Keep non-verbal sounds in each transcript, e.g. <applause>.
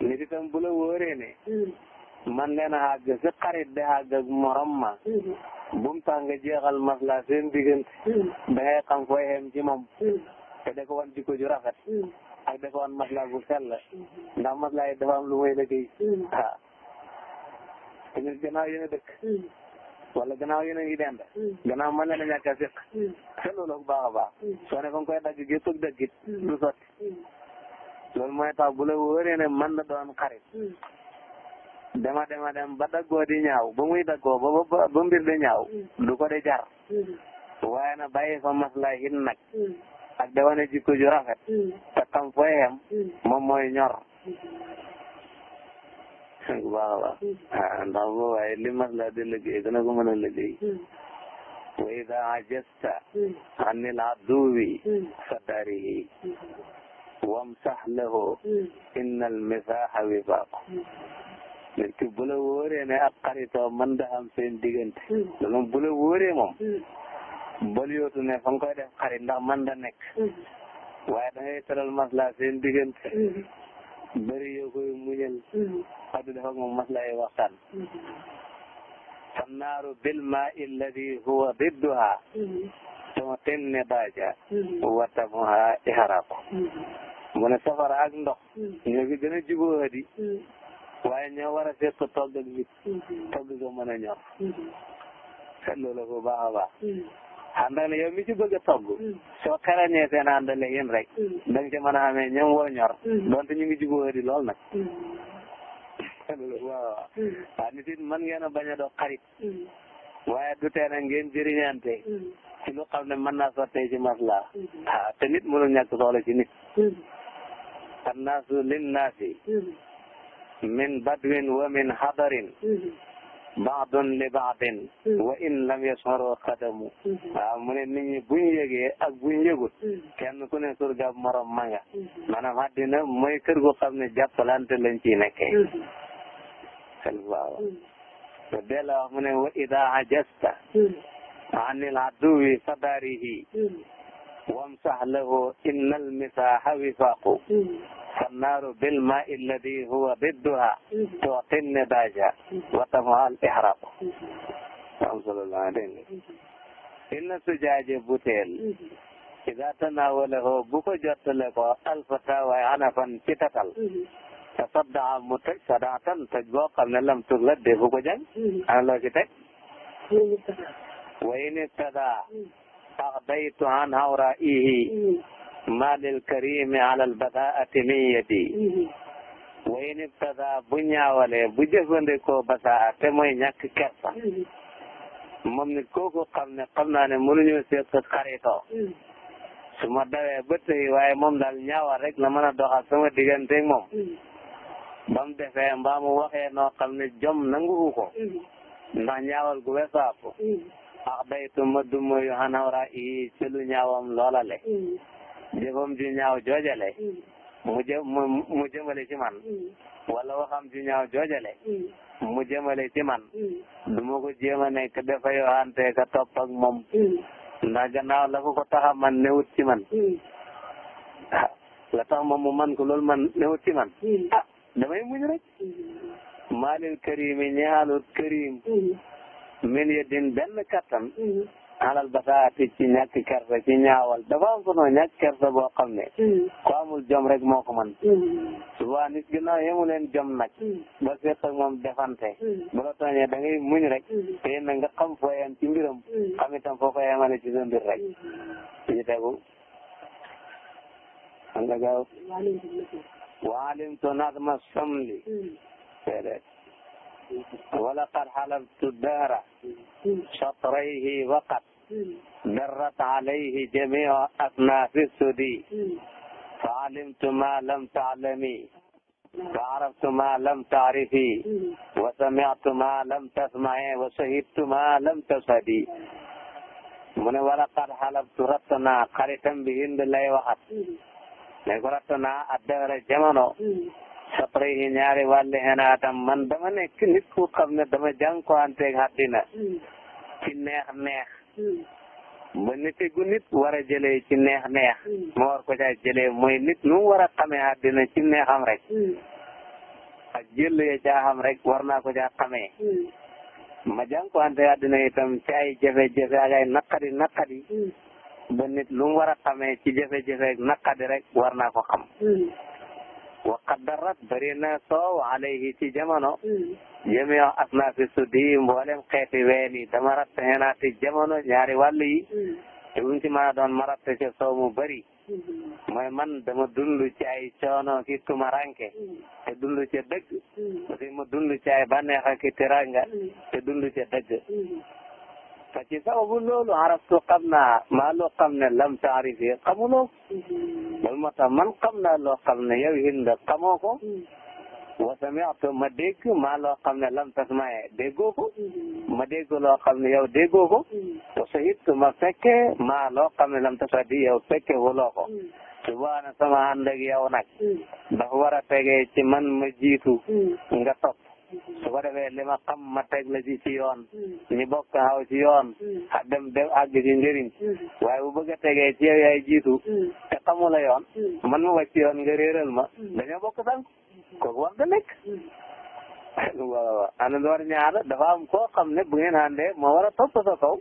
nit itam bu la wóoree ne mm. man leen a àgg si xarit de àgg ak morom ma mm. bu mu tax nga jeexal masla seen diggante da mm. ngay xam fooy xem ci ko wan jikko ju rafet ak da ko wan masla bu sell mm-hmm. ndax masla yi dafa am lu muy liggéey ah te ñun gannaaw yéen a wala gannaaw yéen a ngi dend gannaaw mën leen a ñàkk a séq te loolu baax ko nga koy dagg gépp ak dëggit loolu mooy tax bu la wóoree ne man la doon xarit hmm. dema dema dem ba daggoo di ñaaw ba muy daggoo di ñaaw hmm. du ko di jar hmm. waaye na bàyyi fa maslaa hit nag ak da wane jikko ju rafet te moom mooy ñor <laughs> waaw waaw ah ndax li maslaa di liggéey dana ko mën a liggéey wa ida ajasta anil aduwi fa darihi wamsax lahu innal misaaxa wifaaqu nit ki bu la wóoree ne ak xaritoo mën am seen diggante loolu bu la wóoree moom bal yootu ne fa koy def xarit ndax mën da nekk waaye da ngay teral masla seen diggante bëri yoo koy muñal xaddu dafa moom masla yi waxtaan fannaaru bilma illadi huwa didduha tamatin ne baaja watamuha iharaku mu ne safara ak ndox. Mm. ñoo ngi gën hadi. Mm. waaye ñoo war a seq togg ak nit. Mm-hmm. togg ko mën a ñor. Mm-hmm. seetlu la ko baax a baax. Mm. àndale yow mi ci bëgg a togg. soo xarañee seen àndale yéen rek. da nga ci mën a amee ñoom ñu ngi jubóo hadi lool nag. seetlu waaw waaw nit it mën ngeen a bañ a doon xarit. waaye du tee nag ngeen jëriñante. ci lu xam ne mën naa sottee ci maslaa. ah te nit mënul ñàkk soxla ci nit. annaasu linnaasi min badwin wa min hadarin baadun li baadin wa in lam yasmaru qadamu waaw mu ne nit ñi buñ yëgee ak buñ yëgut kenn ku ne surgaab morom ma nga maanaam àddina mooy kër gu xam ne jàppalante lañ ciy nekkee waaw te dee la wax mu ne wa ida ajasta anil aduwi fadaarihi wamsax lahu inna almisaaha wifaaqu fannaaru bilmaa illadi huwa didduha tuqin nidaaja wa tamuha al ihraqu am solo la dégg inna sujaaje buteel ida tanaawalahu bu ko jottale ko alfata waaye anafan ci tatal te saddaa mu tëj sadaa tan tëj boo xam ne lam tur la dégg ko jàng ana loo ci teg wa in ittadaa أقضيت عن هورائه ما للكريم على البداءة من يدي وإن ابتدى بنيا ولا بجفندكو بساعة mooy ñàkk kersa moom nit kooku xam ne xam naa ne mënuñu seet sa xaritoo su ma dawee ba tey waaye moom daal ñaawal rek la mën a doxal sama diggante moom ba mu defee mbaa mu jom nanguwu ko ndax ñaawal gu weesoo ax day tuma duma yu hanawra i ci ñaawam loolale mm. jëfam ju joojale mm. mu jë mu jëmale ci man mm. wala waxam ju joojale mu jëmale ci man duma ko jéem a nekk dafa yoxante ka topp ak moom ndax gannaaw la ko ko taxa man newut ci man ah, la tax moom mu man ko loolu man newut ci man ah damay muñ rek maalil karim ñaalut karim min yedin benn kattan mhm. alal basaati ci ñàkk kersa ci ñaawal dafa am ko noonu ñàkk kersa boo xam ne mhm. ku jom rek moo ko mën mhm. souvent nit ginnaaw yemu leen jom nag ba seet ak moom defante bu la tooñee da rek te na nga xam foo yem ci mbiram xam itam foo ko yemale ci sa mbir rek ñu tegu xam nga ma samli déedéet ولقد حلبت الدهر شطريه وقد درت عليه جميع أصناف السدي فعلمت ما لم تعلمي فعرفت ما لم تعرفي وسمعت ما لم تسمعي وشهدت ما لم تشهدي mu ne ولقد حلبت ratt naa xaritam bi Hind lay waxat ne ko ratt naa ad-dahra jamono sapray yi ñaari wàlli xenaatam man dama nekk nit ku xam ne dama jànkuwanteeg àddina mm. ci neex neex mm. ba nite gu nit war a jëlee ci neex neex ma mm. war ko caa jëlee mooy nit nu mu war a xamee àddina ci neexam rek ak jël ya caa xam rek war naa ko caa xamee ma jànkuwanteeg àddina itam ci ay jafe-jafe ak ay naqari naqari ba nit lu mu war a xamee ci jafe-jafe ak naqari rek war naa ko xam waqad da bëri na soow alayhi ci jamono. jamiu asnaafi suddi mboolem xeeti ween yi dama ratt xenaa ci jamono ñaari wàll yi. te bu ci mën doon ma ratt ci soow mu bëri. may man dama dund ci ay coono ki tumaranke te dund ci dëgg. parce que ma dund ci ay bànneex ak te dund ci ci sababu loolu araftu xam naa maa loo xam ne lam taarifi xamuloo mm-hmm. loolu moo tax man xam naa loo xam ne yow Hind xamoo ko mm-hmm. wa sami'tu ma dégg ma loo xam ne lam tasma'e déggoo ko mm-hmm. ma dégg loo xam ne yow déggoo ko wa shahidtu ma fekke maa loo xam ne lam tashhadi yow fekke wuloo ko subhaana sama ànd ak yow nag dafa war a ci man ma jiitu nga topp ko defee li ma xam ma teg la ci ci yoon mm. ñu bokk ci yoon mm. a dem dem ci njëriñ mm. waaye bu bëgg a tegee ci yow yaay jiitu te xamu la yoon man ma wàcc yoon nga réeral ma dañoo bokk sànq kooku war da nekk <laughs> waaw waaw ana door ñaara dafa am koo xam ne bu ngeen àndee moo sa kaw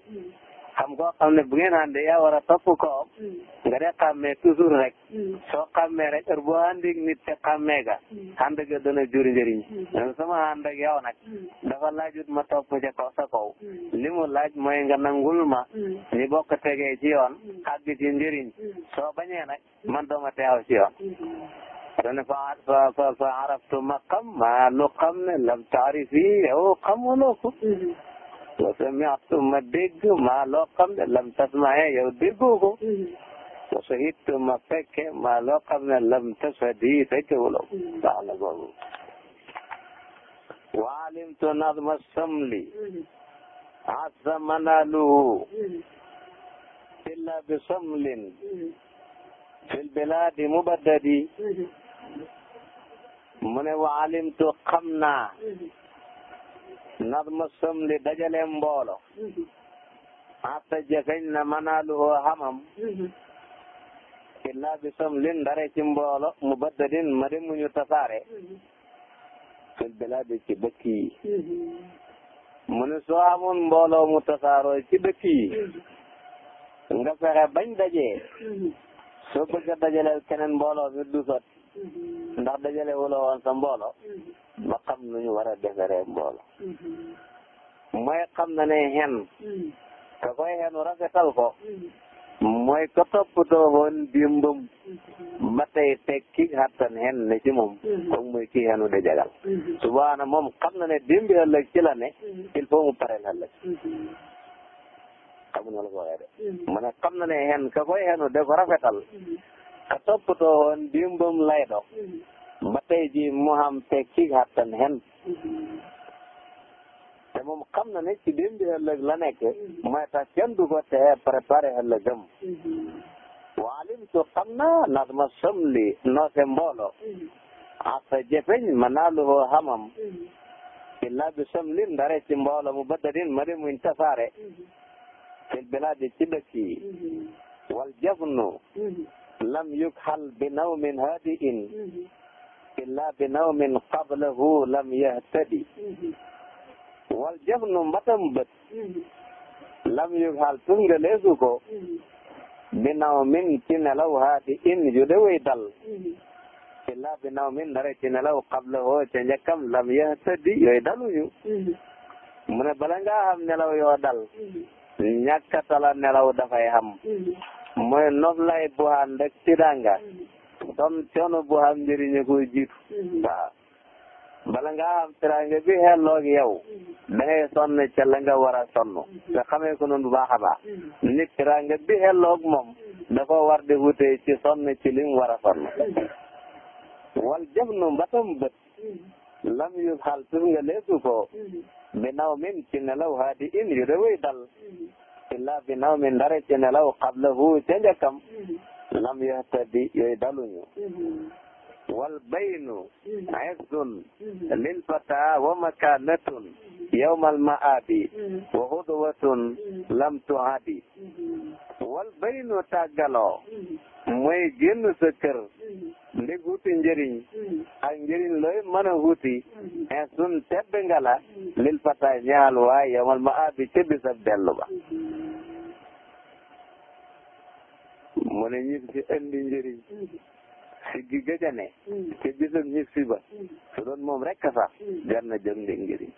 xam koo xam ne bu ngeen àndee yaa war topp kawam mm. nga dee xàmmee toujours rek mm. soo xàmmee rek heure boo àndeeg nit te xàmmee ga mm. ànd ga dana jur njëriñ sama ànd ak nag dafa laajut ma topp ca kaw sa kaw li mu laaj mooy nga nangul ma ñi bokk tegee ci yoon àgg ci njëriñ soo bañee nag man dooma teew ci yoon dana fa fa fa fa araftu ma xam ma lu xam ne lam taarifi yow xamuloo ko wa sami'tu ma dégg maa loo xam ne lam tasma'ee yow déggoo ko. wa shahidtu ma fekke maa loo xam ne lam tashhadi fekke wuloo ko. baax na boobu. wa alimtu nazma samli. azza manaluhu. illa bi samlin. fil biladi mubaddadi. mu ne wa alimtu xam naa. nadma sëmli dajale mboolo hatta jëfeñ na manaaluhoo xamam illaa bi sëmlin ndare ci mboolo mu baddadin ma di muñu tasaare fil biladi ci dëkk yi mu ne soo amoon mbooloo mu tasaaroo ci dëkk yi nga fexe bañ daje soo bëgg a dajaleel keneen mbooloo mi du sotti ndax dajale wu la woon sa mbooloo ma xam nu ñu war a defaree mbooloo mooy xam na ne hen ka koy henu rafetal ko mooy ko toppatoo woon dimbam ba tey teg ki xattan hen ne ci moom comme mooy ki henu de jagal subaana moom xam na ne dimbi ëllëg ci la ne il faut mu pareel ëllëg xamuñu la ko waxee de mu ne xam na ne hen ka koy henu de ko rafetal ka toppatoo woon dimbam lay dox mm-hmm. ba tey jii mu xam teg ci xattan hen mm-hmm. te moom xam na ne ci dimbi ëllëg la nekk mm-hmm. mooy tax kenn du ko tee préparé ëllëgam su xam naa nas ma somli noose mboolo asa jëfeñ ma naa lu hoo xamam illaa bi somli ndare ci mboolo mu baddadin ma di muñ tasaare fil bilaadi ci dëkk yi wal lam yukhal bi nawmin hadiin mhm. illa bi nawmin qablahu lam yahtadi mhm. wal jafnu mbatam bët mhm. lam yukhal tungaleesu ko bi nawmin ci nelaw hadiin yu de way dal illa bi nawmin ndare ci nelaw qablahu ca njëkkam lam yahtadi yooyu daluñu mu ne bala ngaa xam nelaw yoo dal ñàkkatala nelaw dafay xam mooy noflay bu ànd ak tedanga comme coono bu am njëriñ a koy jiitu mm-hmm. waaw bala nga bi xelloog yow mm-hmm. da ngay sonn ca la nga war a sonn mm-hmm. te xamee ko noonu bu baax a baax nit tedanga bi xelloog moom dafa war di wutee ci sonn ci li mu war a sonn wal jëf nu mbatam bët lam yu xal tur nga leesu ko bi naw min ci nelaw haadi in yu da wéy dal illaa bi naw mi ci nelaw qablahu ca njëkkam mhm. lam yahtadi yooyu daluñu mhm. wal baynu mhm. izzun lil fata wa makanatun yawmal ma'abi wa hudwatun lam tuhadi wal baynu tàggaloo mooy génn sa kër ndeg wuti njëriñ ak njëriñ looy mën a wuti en sun tebbe nga la lil fata ñaal waaye yamal ma abi ca bisab ba mu ne ñib si indi njëriñ si gi gëjane ca bisab ñib si ba su doon moom rekk sax jar na jëm ndi njëriñ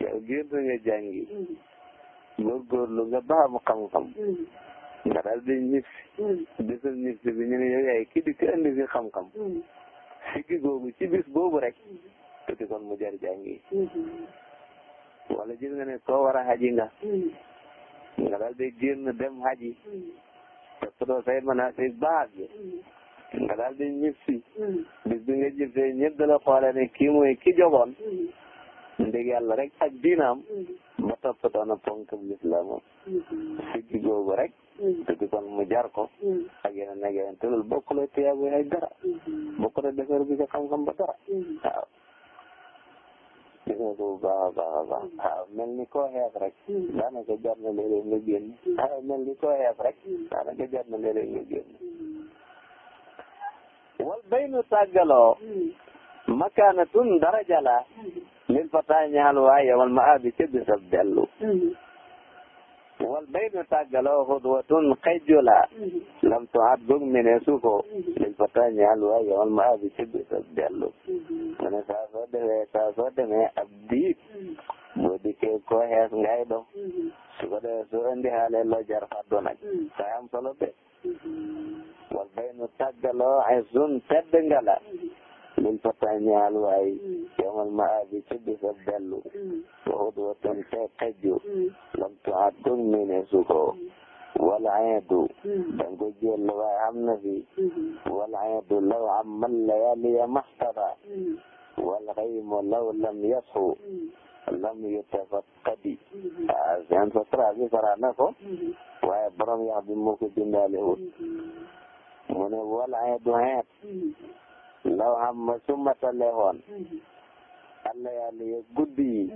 yow géntu nga jàngi góorgóorlu nga baamu xam-xam nga daal di ñib si bisum ñib si bi ñu ne yow yaay kii di ko andi fi xam-xam siggi googu ci bis boobu rek tuuti mu jar jàngi wala gis nga ne koo war a xaji nga nga daal di génn dem xaji te tudoo say manasik baax bi nga daal di ñib si bis bi nga jib see ñëpp da la xoole ne kii mooy ki jogoon ndeg yàlla rek ak diinaam ba toppatoo na ponk lislaamam siggi googu rek dëgg mm. kon mu jar ko mm. ak yeneen ak yeneen te loolu bokk la tiyaabo bi ca xam-xam ba dara mm-hmm. mm-hmm. waaw mel ni koo xeeb rek mm-hmm. daanaka jar na léeg-léeg nga génn mel ni koo xeeb rek daanaka jar na léeg-léeg nga génn wal baynu tàggaloo makaanatun daraja la lil fataa ñaal waaye wal ma abi ca bisab dellu wal bay du tàggaloo xudwatun xejju la mm-hmm. lam tuhat gog mene suko lil mm-hmm. fata ñaal waa yomal ma abi ci bis ak dellu mm-hmm. mu ne saa soo demee saa soo demee ab diit boo dikkee koo xees ngay dox su ko defee soo indi xaale loo jar faddu nag saa am solo de wal bay nu tàggaloo ay sun tedd nga la min fataay ñaal waay mm. yawmal ma'aadi ca bis ab dellu mm. wa udwatan tey xejju mm. lam tuaat gog mene suko wala ayadu dango jël waay xam na fi -hmm. wala ayadu law ammal layaaliya maxtada wal xaymu law lam yasxu lam yutafaqqadi -hmm. ah seen sotra bi fara na ko -hmm. waaye borom yax bi moo ko bindaale wut mu ne wala ayadu xeet law xam ma su ma taleexoon allah yàlla ya guddi yi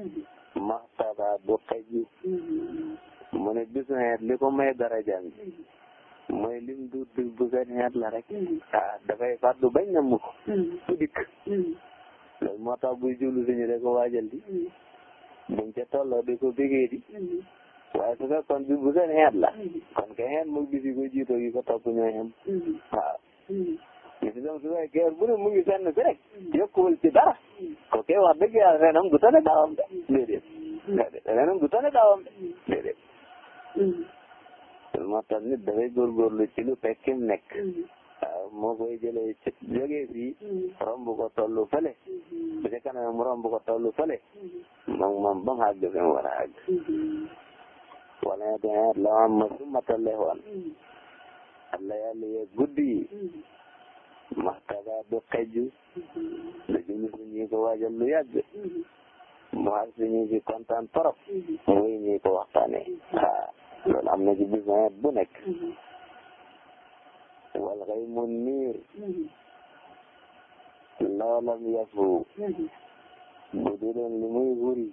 maxtaba du xej yi mu ne bisu xeet li ko may daraja bi mooy lim du dig bu seen la rek ah dafay fàddu bañ na mu ko su dikk loolu moo tax buy jublu suñu de ko waajal di buñ la kon ke xeet moog bis ko jiitoo yi ko topp ñooy xam waaw si doom su ne mu ngi fenn ci dara ko kay wax dëgg yàlla renam du tane daawam de déedéet renam du tane daawam de déedéet moo tax nit dafay góorgóorlu ci lu fekkim nekk waaw moo koy jëlee ci jógee fii romb ko tollu fële bu ca kanam mu romb ko tollu fële moom moom mu àgg fi mu war a àgg wala nga demee la ma am ma su ma tollee woon martaba du xejju lu jublu si ñi ko waajal lu yàgg mu xas si ñu si kontaan trop muy ñi ko waxtaanee waaw loolu am na ci besoin bu nekk wal xëy mu niir loolam yafu mm-hmm. bu duloon lu muy wuri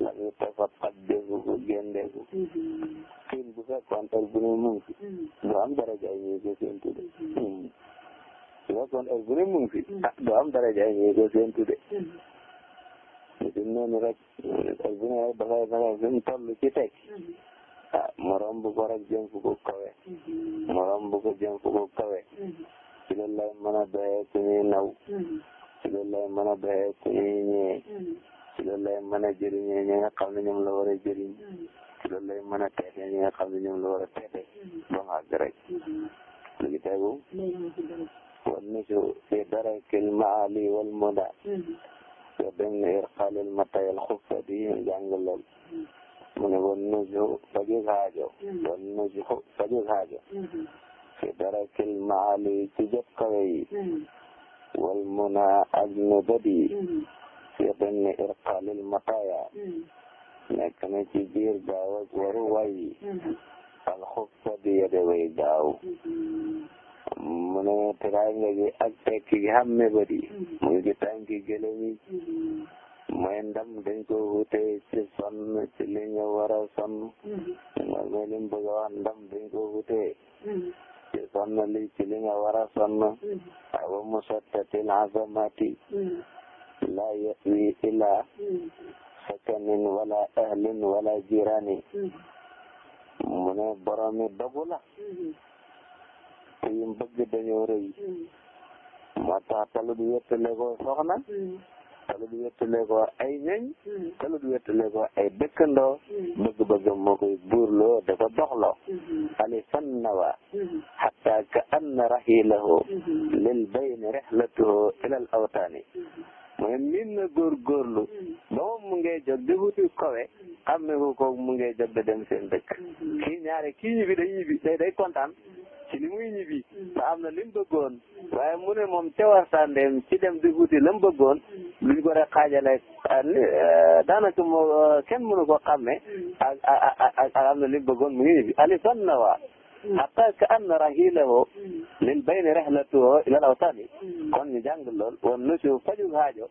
lañu topp a pat dégg ko génn dégg ko fil mm-hmm. bu fekkoon heure bu mu ngi fi mm-hmm. du ko séntu de mm-hmm. bu fekkoon heure bu ne mu ngi fi ah du am daraja ñuy ko noonu rek heure bu ne rek dafay fexe fi mu toll ci teg ah morom bu ko rek jëm fu ko morom bu ko jëm fu ko kawe ci loolu lay naw ci loolu lay mën a doyee ci loolu lay mën a jëriñee ñi nga xam ne ñoom la war a jëriñ ci loolu lay mën a teetee ñi nga xam ne ñoom la war a teetee ba mu àgg rek léegi tegu wal nisu fi darakil maali wal moda yo dem ne irqalil matayal xuffati jàng lool mu ne wal nusu fajug haajo wal nusu fajug haajo fi darakil maali ci jot kawe yi wal muna ak nubadi fi dimmi irqaalil mataaya hmm. nekk na ci biir gaaw ak waru way hmm. alxuffa di yede way gaaw hmm. mu ne teraanga gi ak tekki gi xam ne bari mu ngi tànki gëlëm yi mooy ndam dañ ko wute ci sonn ci li ñu war a sonn mooy mooy li mu bëgg a wax ndam li ci li nga war a sonn awa musattatil azamati laa yaswi ilaa sakanin wala ahlin wala jirani mu ne boromi dogu la te yim bëgg dañoo rëy moo tax talut wéttale ko soxna talut wéttale ko ay ñeñ talut wéttale ko ay dëkkandoo bëgg-bëggam moo koy buurloo da ko doxloo alifan nawa xatta ka anna raxilahu lil bayni rexlatuhu ilal awtaani mooy nit na góorgóorlu ba mm. moom mu ngee jot di wuti kawe xam ne ko kooku mu ngee jot da dem seen dëkk mm-hmm. kii ñaare kii ñibbi day ñibbi day day kontaan ci ni muy ñibbi mm-hmm. te am na lim mu bëggoon waaye mu ne moom ca wartandeem ci dem di wuti la mu bëggoon mm-hmm. luñ ko rek xaajale ah, eh, daanaka moo eh, kenn mënu ko xàmme ak ak ak am na li mu bëggoon mu ngi alifan na waa hatta ka anna rahilahu lil bayni rihlatuhu ila al awtani kon ñu jàng lool wan nusu fajug haajo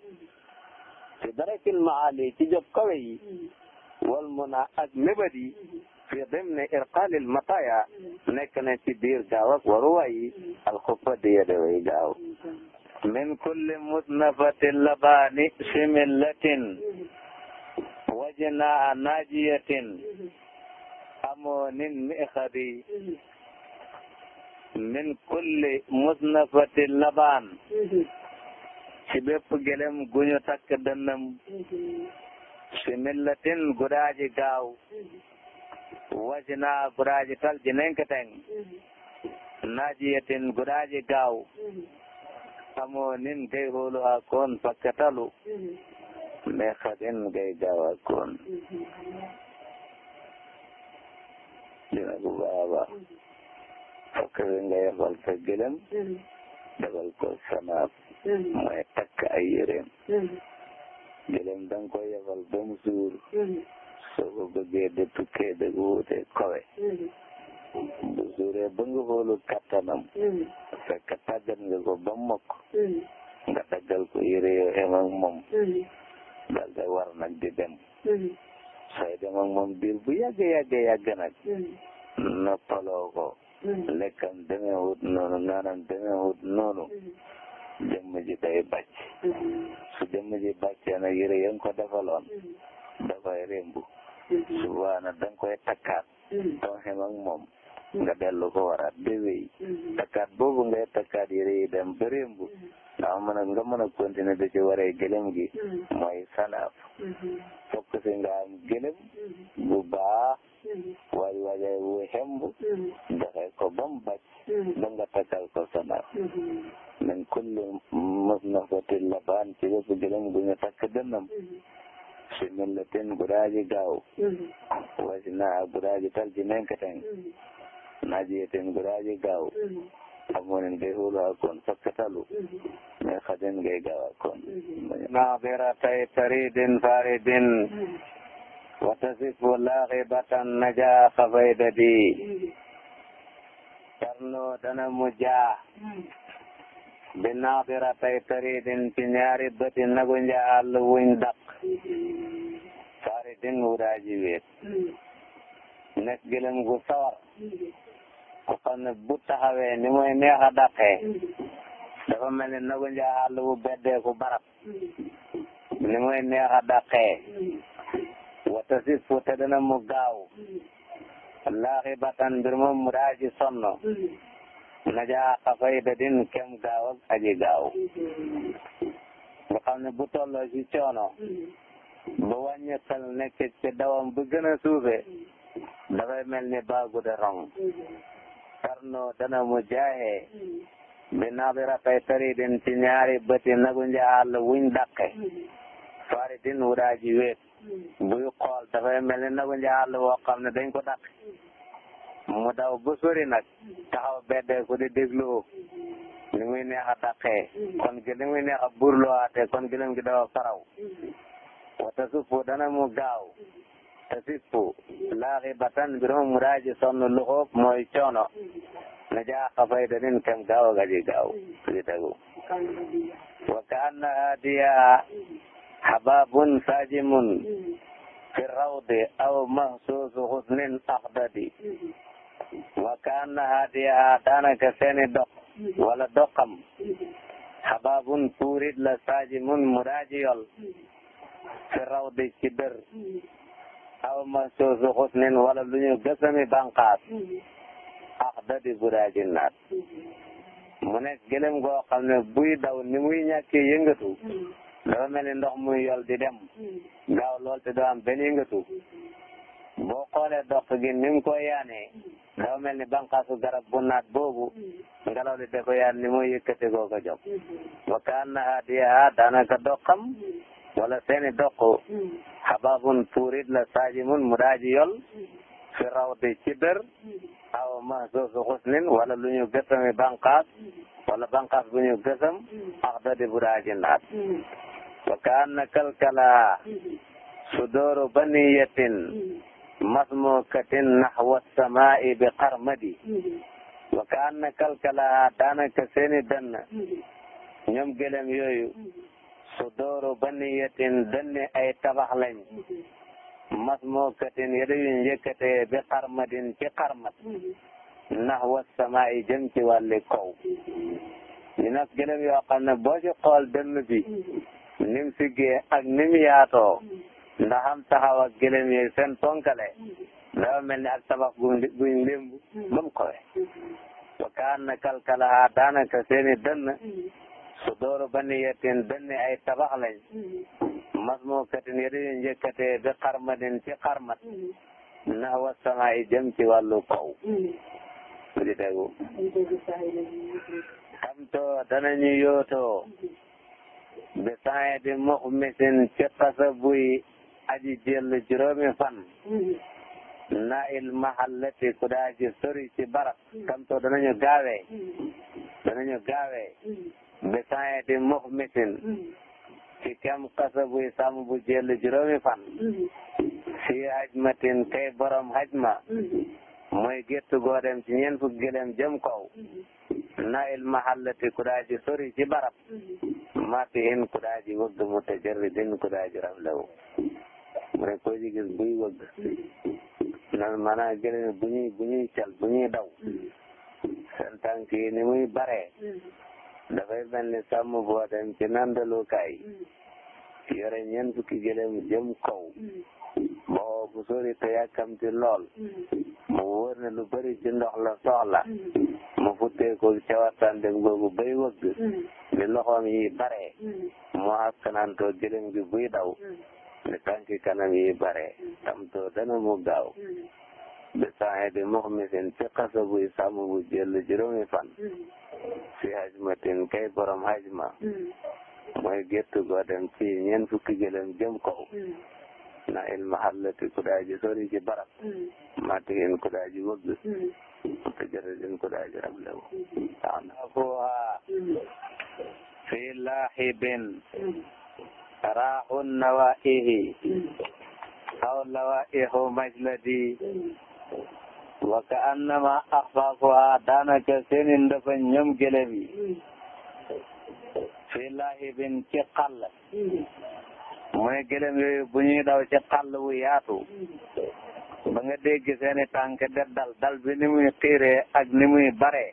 fi darakil maali ci jóg kawe yi wal muna ak mébét yi fi dimni irqalil mataya nekk na ci biir gaaw ak waruwaay yi alxufa diya dewey gaaw min kulli musnafatin labani simillatin wajna naajiyatin xamoo nin mixadi min kulli musnafati labaan ci bépp gëlëm guñu takk dënnam si millatin gudaaji gaaw wajina gudaaji tal ji nenkateng naajiyatin gudaaji gaaw amoo nin gay hóolu a koon pakkatalu mixadin gay gaaw a koon dina bu baax a baax fokk nga yebal sa gëlëm defal ko sanaab mooy takk ay yéreem gëlëm da nga ko yebal ba mu suur soo ko bëggee de tukkee de wuute kowe bu suuree ba nga xoolu kattanam fekk tàggat nga ko ba mokk nga daggal ko yére yoo em ak moom war nag di dem sooy dem ak moom biir bu yàgg yàgg yàgg nag mm. noppaloo ko mm. lekkam demee wut noonu naanam demee wut noonu mm. jëmm ji day bàcc su jëmm ji bàccee nag yére yéen ko defaloon da koy rémbu subaana da nga koy takkaat toxim ak moom nga dellu ko waraat de wéy mm-hmm. takkaat boobu ngay takkaat yére yi dem bërémbu mm-hmm. ndax mën a nga mën a continuer da ci waree gëlëm gi mm-hmm. mooy salaaf fokk si nga am gëlëm bu baax waaj waajaay bu xemb doxee ko ba mu bàcc ba nga min kulli mos na fati labaan ci bépp gëlëm gu ñu takk dënnam si millatin gudaaji gaaw wasi najiyatin guraaji gaaw amunin gay hulu akon sakkatalu me kadin gay gaaw akon naadiratay taridin faridin watasifu laaqibatan najaa xafaydadi tarno dana mujjaa bi naadiratay taridin ci ñaari bëti nagu njaal wuñ dak faridin guraaji weet nekk gëlëm gu sawar ku xam ne bu taxawee ni mooy neex a dafa mel ni nagu njaaxal bu beddee ku barab ni mooy neex a dàqee si fu te dana mu gaaw laaxi batan mbir moom mu daa ci sonn najaa xafay da din kem gaaw ak gaaw nga xam ne bu tolloo ci coono ba wàññi xel nekk ci dawam bu gën suufe dafay mel ni baagu de rong karno dana mu jaaxe bi naadira tay tari din ci ñaari bëti nagu njaal wuñ daqe fari din wudaaji wéet buy xool dafay mel ni nagu njaal woo xam ne dañ ko daqe mu daw ba sori nag taxaw beddee di déglu li muy neex a daqee kon gi li muy neex a burloo ate kon gilem gi dafa faraw wata suppu dana mu gaaw tasippu laaxibatan mbirum muraaji sonn lu xóob mooy coono na jaa xafay danin kem gaaw ga ji gaaw wa ka anna hadiya hababun sajimun fi rawdi aw mahsuusu xusnin axdadi wa ka anna hadiya daanaka seeni dox wala doxam hababun puurit la sajimun muraaji yol fi rawdi ci dër aw ma suusu xusnin wala lu ñu gësami bànqaas mm-hmm. ax dadi budaaji naat mm-hmm. mu nekk gëlëm goo xam ne buy daw ni muy ñàkkee yëngatu mm-hmm. dafa mel ni ndox muy yol di dem gaaw lool te doo am benn yëngatu boo xoolee dox gi ni mu ko yaanee dafa mel ni bànqaasu garab bu naat boobu ngelaw li da ko yaan ni muy yëkkati goo ko jóg wa kaan na haadiyaha daanaka doxam wala seeni doq xabaabun puurit la saajimun mu daaji yol fi rawdi ci dër aw mahsuusu xusnin wala lu ñu gësami banqaas wala banqaas bu ñu gësam axdadi bu daaji naat wa kaanna kalkala sudooru baniyatin masmukatin naxwa samaai bi xarmadi wa kaanna kalkala daanaka seeni dënn ñoom gëlëm yooyu su dooru baniyatin danne ay tabax lañ mas moo katin yada yuñ yëkkatee bi xarmadin ci xarmat nax wa sama yi jëm ci wàlli kaw ñu nag yoo xam ne boo ci xool dënn bi ni mu siggee ak ni mu yaatoo ndax am taxaw ak gëlëm yi seen tonkale dafa mel ni ak tabax guñ guñ lémb ba mu xawee wa kaan na kalkalaha daanaka seeni dënn su dooru ba niyatin benn ay tabax lañ mas moo katin yëre yu njëkkatee bi xarmatin ci xarmat naxwa sama yi jëm ci wàllu kaw mu di tegu tamtoo danañu yootoo bi sànge di mux misin ci xasa buy aji jël juróomi fan na il mahallati ku daa ji sori ci barab tamtoo danañu gaawee danañu gaawee bi saayati muxmisin mm. ci kem kasa buy sàmm bu jël juróomi fan fii mm. hajmatin kay borom hajma mm. mooy gettu go dem ci ñeent fukk gëlëm jëm kaw na il mahallati kudaaji sori ci barab mati hin kudaaji wëgg mu tajarridin kudaaji raflewu mu ne ko ji gis buy wëgg nan maanaam gëlëm bu ñuy bu ñuy cal bu ñuy daw seen tànk yi ni muy baree dafay mel ni sàmm boo dem ci nandalukaay mm. yore ñeent fukki gëlëm jëm kaw mm. boo bu sori te yàkkamti lool mm. mu wóor ne lu bari ci ndox la soxla mu futtee ko cawatande googu bay wëgg li loxoom yi bare mu askanantoo gëlëm gi buy daw li tànki kanam yi bare tamtoo dana mu gaaw bi saa di muxmisin ci xasa buy sàmm bu jël juróomi fan fi hajmatin kay borom hajma hmm. mooy gettu goo ci ñeent fukki gëlëm jëm kaw hmm. na il mahallati kudaaji sori ci barab hmm. mati in kudaaji wëgg te jërëj in kudaaji rab lew anafuha fi laahibin raahun nawaihi aw lawaihu majladi wa ka annama axfaaquha daanaka seen ndafa ñoom gëlëm yi fii laahibin ci xàll mooy gëlëm yooyu bu ñuy daw ci xàll wu yaatu ba nga dégg seen i tànk de dal dal bi ni muy xiiree ak ni muy baree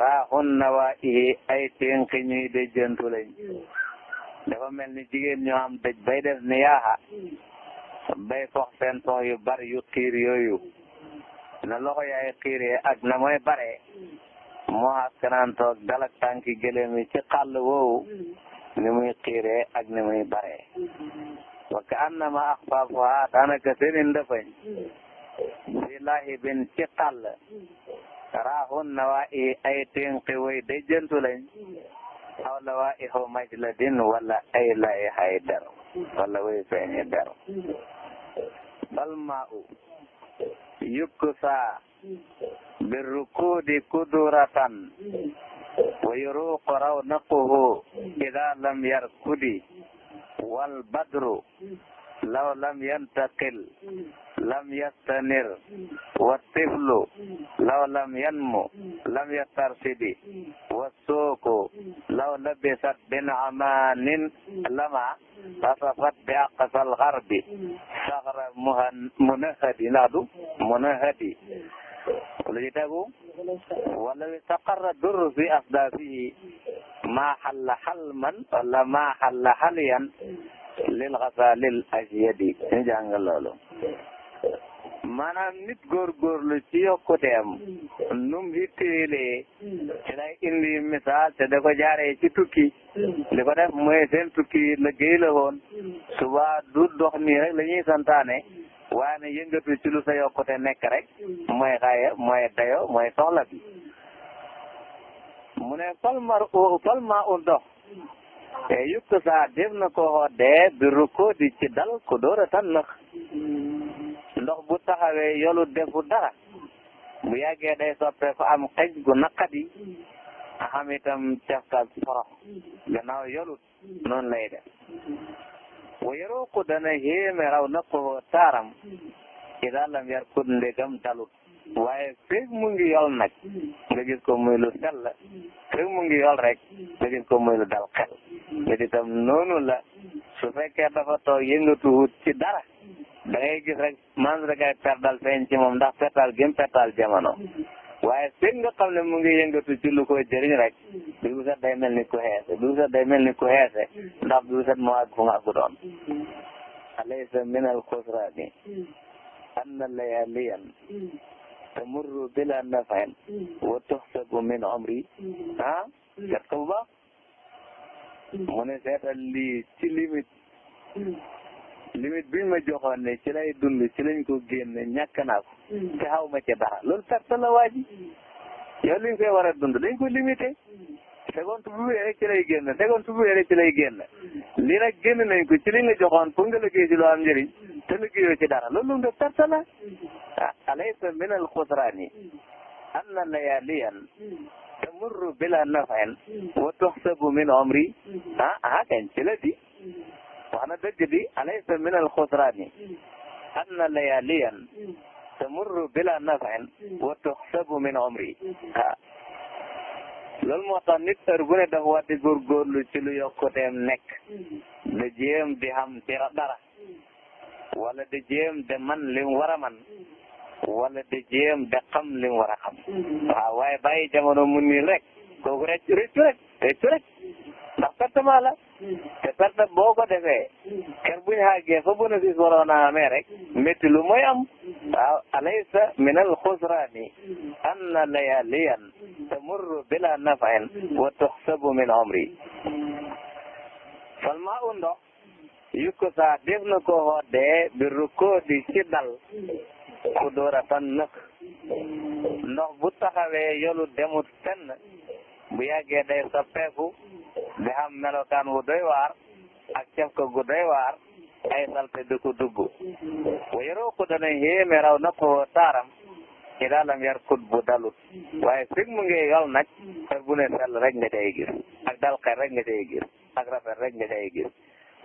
raaxun nawaa'ihi ay ténk ñuy déjjantu lañ dafa mel ni jigéen ñoo am dëj bay def ni yaaxa bay fox seen tox yu bari yu xiir yooyu na loxo yaay xiiree ak na mooy bare moo askanantoog dalak tànki gëléem yi ci xàll woowu ni muy xiiree ak ni muy bare wa ka annama axfaafuha daanaka seeni ndëfañ si lahibin ci xàll raaxun na waa i ay ténqi way dëjjantu lañ aw la waa i xaw majladin wala ay lay xay der way feeñi der bal maa u yuksa birrukudi kuduratan wa yuruqu rawnaquhu ida lam yarkudi wal badru law lam yantaqil lam yastanir wa tiflu law lam yanmu lam yastarsidi wa suuku law labisat bin amanin lama fasafat bi aqsal garbi saxra munahadi ndax du munahati lu ci tegu wala istaqarra durru fi asdaafihi maa xalla xalman wala maa xalla xaliyan lil xasaalil asyadi ñu jàng loolu maanaam nit góorgóorlu ci yokkuteem num hitteelee ci lay indi misaal te da ko ci tukki li ko def mooy seen tukki la géy la woon du dox nii rek la ñuy santaane waane yëngatu ci lu sa yokkute nekk rek mooy xaaya mooy dayo mooy soxla bi mu ne palmar u u ndox te yukk saa def na ko xoodee bi rukkoo di ci dal ku door a ndox bu taxawee yolu defu dara bu yàggee day soppee ko am xej gu naqadi xam itam cafka forox gannaaw yolut noonu lay def wa yaruuqu dana yéeme raw na ko taaram idaa lam yarkud ndegam dalut waaye feeg mu ngi yol nag nga gis ko muy lu sell feeg mu ngi yol rek nga gis ko muy lu dal xel nit itam noonu la su fekkee dafa toog yëngatuwut ci dara da ngay gis rek man rek ay perdal feeñ ci moom ndax pertal gim pertal waaye seen nga ne mu ngi yëngatu ci ko jëriñ rek bi bu set day ni ku xeese bi bu set day mel ni ku xeese ndax bi bu set moo àgg fu nga àggu doon alaysa min al xusraani anna layaliyan tamurru bila nafain wa tuxsabu min umri ah kat ko bu baax mu ne seetal lii ci limite limite biñ ma joxoon ne ci lay dund ci lañ ko génne ñàkk naa ko te xaw ma ci dara loolu perte la waa ji yow li ñu koy war a dund dañ ko limité seconde bu wéer rek ci lay génn seconde bu wéer rek ci lay génn lii nag génn nañ ko ci li nga joxoon pour nga liggéey ci lu am njëriñ te liggéeyoo ci dara loolu moom de perte la ah alaysa min al xusraani anna layaaliyan tamurru bila nafain wa tuxsabu min omri ah ah kañ ci di wax na dëgg di alaysa min al xusraani anna layaaliyan tamurru bila nafin wa tuxsabu min umri ah loolu moo tax nit heure bu ne dafa war di góorgóorlu ci lu yokkuteem nekk da jéem di xam dara dara wala da jéem de man li mu war a man wala da jéem de xam li war a xam waaw waaye bàyyi jamono mu nii rek kooku rek rëccu rek rëccu rek ndax pertement la te perte boo ko defee ker buñ xaagee fa bénéfice waroon a amee rek métti lu mooy am waaw min al xusraani an na layaliyan tamurru bila nafain wa tuxsabu min omri falma u ndox yukku saa na ko xoodee bi rukkoodi ci dal ku dóora tan nëkk ndox bu taxawee yolu demut fenn bu yàggee day soppeeku di xam melokaan wu doy waar ak caf ko gu doy waar ay salte du ko dugg wayaroo ko dana yéeme raw na ko taaram ci daalam yar kut bu dalut waaye fig mu ngi yol nag xel bu ne sell rek nga day gis ak dal xel rek nga day gis ak rafet rek nga day gis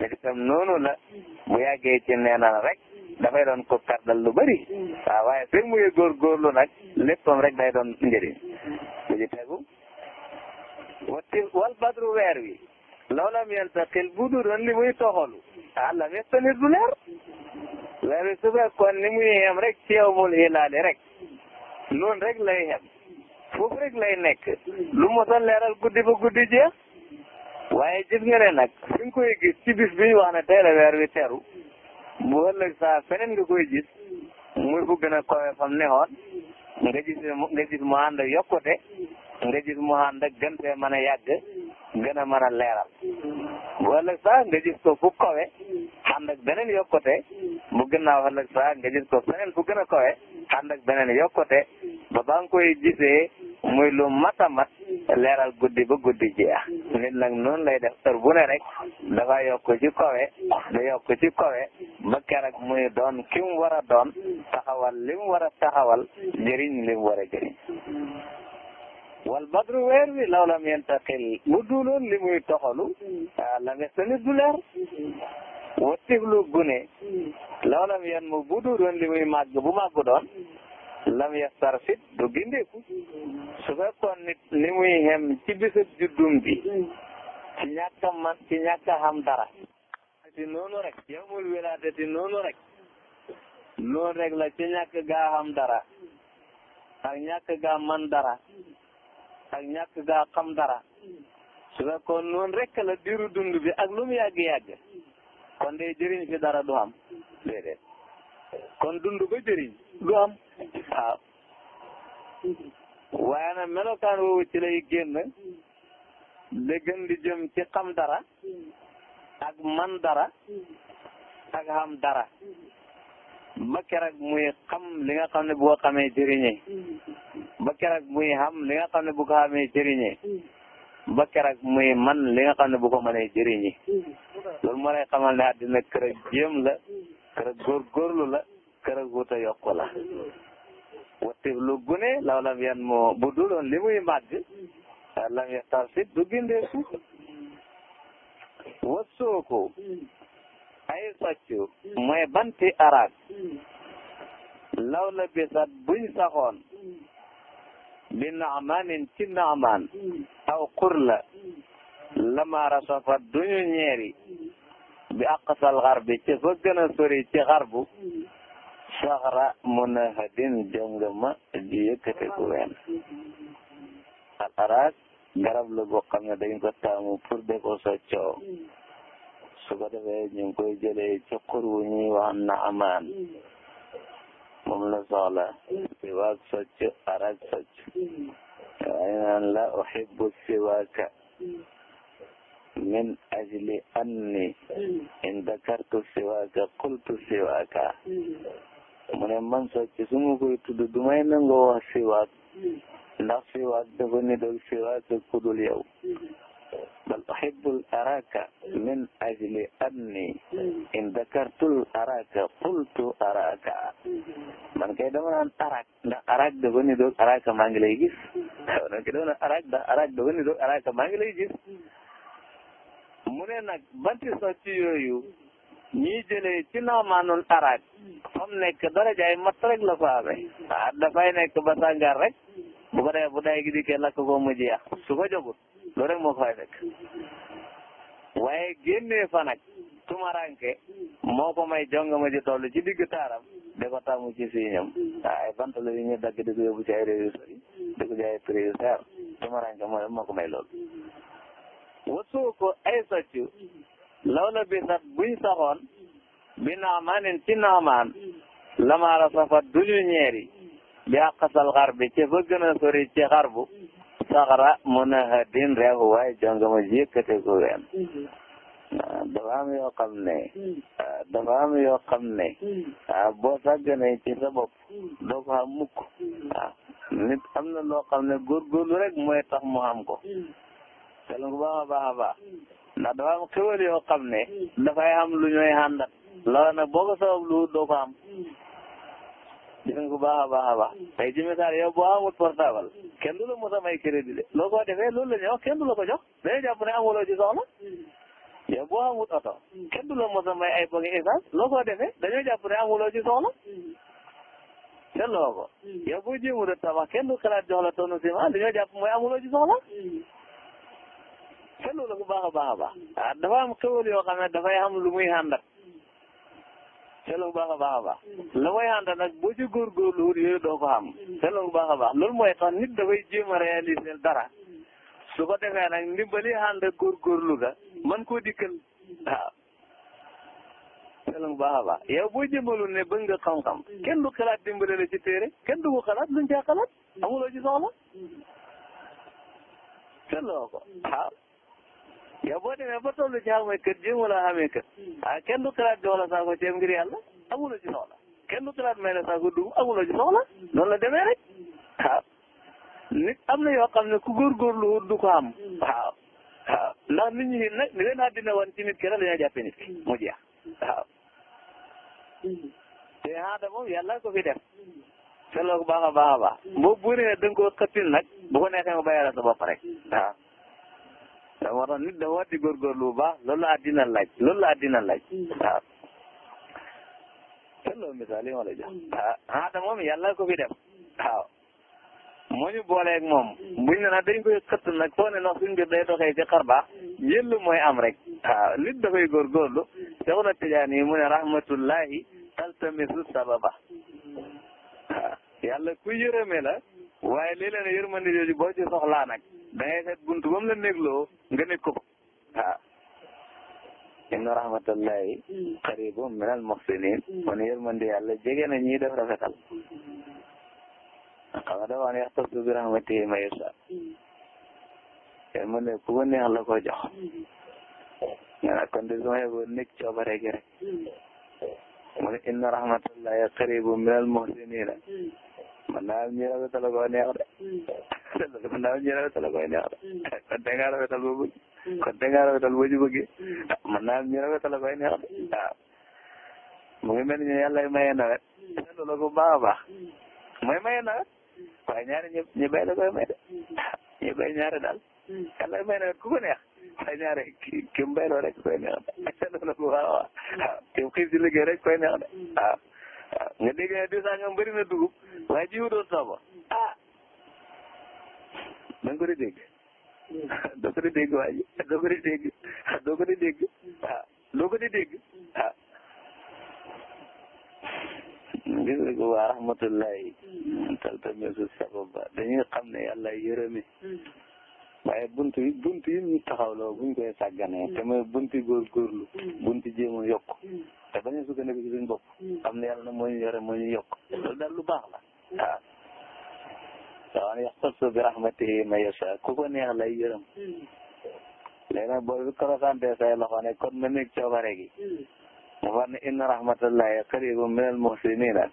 nit itam noonu la bu yàggee ci neenal rek dafay doon ko kardal lu bëri waaye fig mu ngi góorgóorlu nag léppam rek day doon njëriñ bu ci tegu wattil wal badru weer wi loola mi yeltaqil bu du doon li muy toxalu ah la fekk nit du leer weer wi su fekkoon ni muy yem rek ci yow mul hilaali rek noonu rek lay yem foofu rek lay nekk lu mos a leeral guddi ba guddi jeex waaye gis nga ne nag fi nga koy gis ci bi ñu wax ne tey la weer wi teru bu ëllëg saa feneen nga koy gis muy bu gën a koowee fam ne nga gis nga gis mu ànd yokkute nga gis mu ànd ak gën fee mën a yàgg gën a mën a leeral bu ëllëg sax nga gis ko fu kowe ànd ak beneen yokkute bu gannaaw ëllëg sax nga gis ko gën a kowe ànd ak beneen yokkute ba ba nga koy gisee muy lu mat a leeral guddi ba guddi jeex nit nag noonu lay def tër bu ne rek dafa yokk ci kowe da yokk ci kowe ba keroog muy doon ki mu war a doon taxawal li mu war a taxawal jëriñ li mu jëriñ wal badru weer wi law lam yentaqil bu duuloon li muy toxalu ah la nga tamit du leer wa tiflu gune law lam yan mu bu duuloon li muy màgg bu màggu doon lam yastarfit du gindeeku su fekkoon nit li muy xem ci bisab juddum bi ci ñàkk a man ci ñàkk a xam dara ti noonu rek yamul wilaate ti noonu rek noonu rek la ci ñàkk gaa xam dara ak ñàkk gaa man dara ak ñàkk gaa xam dara su fekkoon noonu rek la diiru dund bi ak lu mu yàgg yàgg kon de jëriñ fi dara du am déedéet kon dund ba jëriñ du am waaw waaye nag melokaan woowu ci lay génn da gën di jëm ci xam dara ak man dara ak xam dara ba keroog muy xam li nga xam ne bu ko xamee jëriñee ba keroog muy xam li nga xam ne bu ko xamee jëriñee ba keroog muy man li nga xam ne bu ko mënee jëriñi loolu moo lay xamal ne àddina kër ak jéem la kër ak góorgóorlu la kër ak wut a yokku la watib lu gune law lam yan moo bu duloon li muy màgg lam ya tarsit du gindeeku wasoo ko ay soccu mooy banti araak hmm. law la bisat buñ saxoon hmm. li naamaanin ci naamaan hmm. aw kurla lama rasafat duñu ñeeri bi aqsal xarbi ci fa gën a sori ci xarbu saxra munahadin jongama ji yëkkate ku ween al araak garab la boo xam ne dañ ko taamu pour de ko soccoo su ko defee ñu ngi koy jëlee ci xur wu ñuy wax naamaan moom la soxla siwaak socc arak socc waaye naan la uhibbu siwaaka min ajli anni in dakartu siwaaka qultu siwaaka mu ne man socc su ma koy tudd du may nangoo wax siwaak ndax siwaak dafa ni doon siwaaka ku dul yow bal uhibbul araka min ajli anni in dakartul araka qultu araka man kay dama naan arak ndax arak dafa ni doog araka maa ngi lay gis man kay dama arak ndax arak dafa ni doog araka maa ngi lay ne nag banti sax ci yooyu ñii jëlee ci arak fam nekk darajaay mat rek la fa amee ah dafay nekk rek bu ko defee bu day gi ko mu jeex su jogut loolu rek moo ko fay fekk waaye moo ko may jongama ji toll ci digg taaram da ko tàmmu ci siiñam ay bant la yu di ko yóbbu ci ay réew di ko jaay prix yu mooy moo may loolu wasoo ko ay soccu law la bi sat buñ saxoon bi naamaanin ci naamaan lamaara safat duñu ñeeri bi àqasal xar bi ca fa gën a sori ci xar bu soxra mun a haddin rek waaye jongama ji yëkkateeku ween dafa am yoo ne dafa am yoo xam ne mm-hmm. ah, mm-hmm. ah, boo sàgganee ci sa bopp mm-hmm. doo ko am mukk ah, nit am na loo xam ne góorgóorlu rek mooy tax mu am ko telu ko baax a baax a baax ndax dafa am xéwal yoo ne dafay am lu ñooy àndat loolu nag boo sabab lu doo am gis nga ko baax a baax a baax tey ci misaal yow boo portable kenn du la mos a may crédit de loo ko defee loolu la ñuy wax kenn du la ko jox dañuy jàpp ne amuloo ci soxla oto kenn ay loo ko defee dañoo jàpp ne amuloo ci soxla seetloo ko yow boo jéemul a tabax kenn du xalaat jox la tonne ciment dañoo jàpp mooy amuloo ci soxla seetloo la ko baax a baax a baax ah dafa am xéwal yoo xam lu muy àndat seetlu baax a baax a baax la koy ànd nag boo ci góorgóorlu wut yooyu doo ko xam seetlu baax a loolu mooy tax nit dafay jéem a réaliser dara su ko defee nag ndimbali ànd ak góorgóorlu ga man koo dikkal waaw seetlu baax a baax yow boo jëmbalul ne bëgg nga xam-xam kenn du xalaat dimbali la ci téere kenn du ko xalaat lu caa xalaat amuloo ci soxla seetloo ko waaw yow boo demee ba toll ci kër ji mu la xamee kër hmm. ah, kenn du xalaat jox la saako ceeb ngir yàlla amuloo ci soxla kenn du xalaat may la saako dugub amuloo ci soxla hmm. noonu la demee rek waaw ah, am na yoo xam ne ku góorgóorlu wut du ko am waaw hmm. ah, waaw ndax nit ñi nag li leen àddina wan ci nit ki rek dañoo jàppe nit ki mu jeex waaw te aada moom yàlla ko fi def seetloo ko baax a baax a baax boo buuree da nga koo xëppil nag bu ko neexee mu bàyyi la sa bopp rek waaw la moo tax nit dafa di góorgóorlu bu baax loolu la addina laaj loolu la addina laaj waaw te loolu misaal yi ma la jox ah, ah te moom yàlla ko fi def waaw moo ñu moom buñ ne nag koy xëtt nag foo ne nag suñ mbir day doxee ci xar baax yëllu mooy am rek waaw ah, nit dafay góorgóorlu Seexu na Tijaan yi mu ne rahmatullahi taltamisu ah, ku yërëme la waaye léeg-léeg yërmande jooju boo ci soxlaa nag dangay seet buntu ba mu la négloo nga nekk ko waaw inna rahmatallahi qaribun min al muhsinin hmm. kon yërmande yàlla jege na ñiy def rafetal xam hmm. nga dafa ne yaxtasu bi rahmatihi man yasha hmm. yërmande ku ko neex la ko jox ñu ne kon de su ma yeboo nekk coobare gi rek mu ne inna rahmatallahi qaribun min al muhsinin mën naa am ñuy rafetal la koy neex de mën naa am ñuy rafetal la koy neex de kon da ngaa rafetal ba bëgg kon da ngaa rafetal ba ñu bëggee mën naa am ñuy rafetal la koy neex de waaw mu ngi mel ni ñu yàlla maye nawet loolu la ko baax a baax mooy maye nawet waaye ñaari ñi ñi bay la koy may de ñi bay ñaari daal yàlla may nawet ku ko neex waaye ñaari ki ki mu bayloo rek koy neex de loolu la ko baax a baax waaw ki mu xiif ci liggéey rek koy neex de waaw waaw <laughs> nga dégg ne di sangam bëri na dugub waaye jiwu doon sooba ah <laughs> da nga ko di dégg doo ko dégg waa ji doo ko dégg doo ko di dégg waaw <laughs> doo ko di dégg waaw gis nga ko ah. ah. waa hmm. tal tamit su sabab ba dañuy xam ne yàlla yërëme hmm. waaye buntu yi buntu yi ñu taxawloo buñ koy sàgganee hmm. te mooy bunti góorgóorlu bunti jéem a yokk te bañ a sukkandiku ci suñu hmm. ne yàlla na moo ñu yore moo ñu yokk loolu daal lu baax la waaw. waaw an yaxtassu bi rahmatihi man yashaa ku ko neex lay yërëm. Hmm. léegi nag boo korosantee kon na nekk coobare gi. mu hmm. war ne inna rahmatallahi qaribun minal muhsinina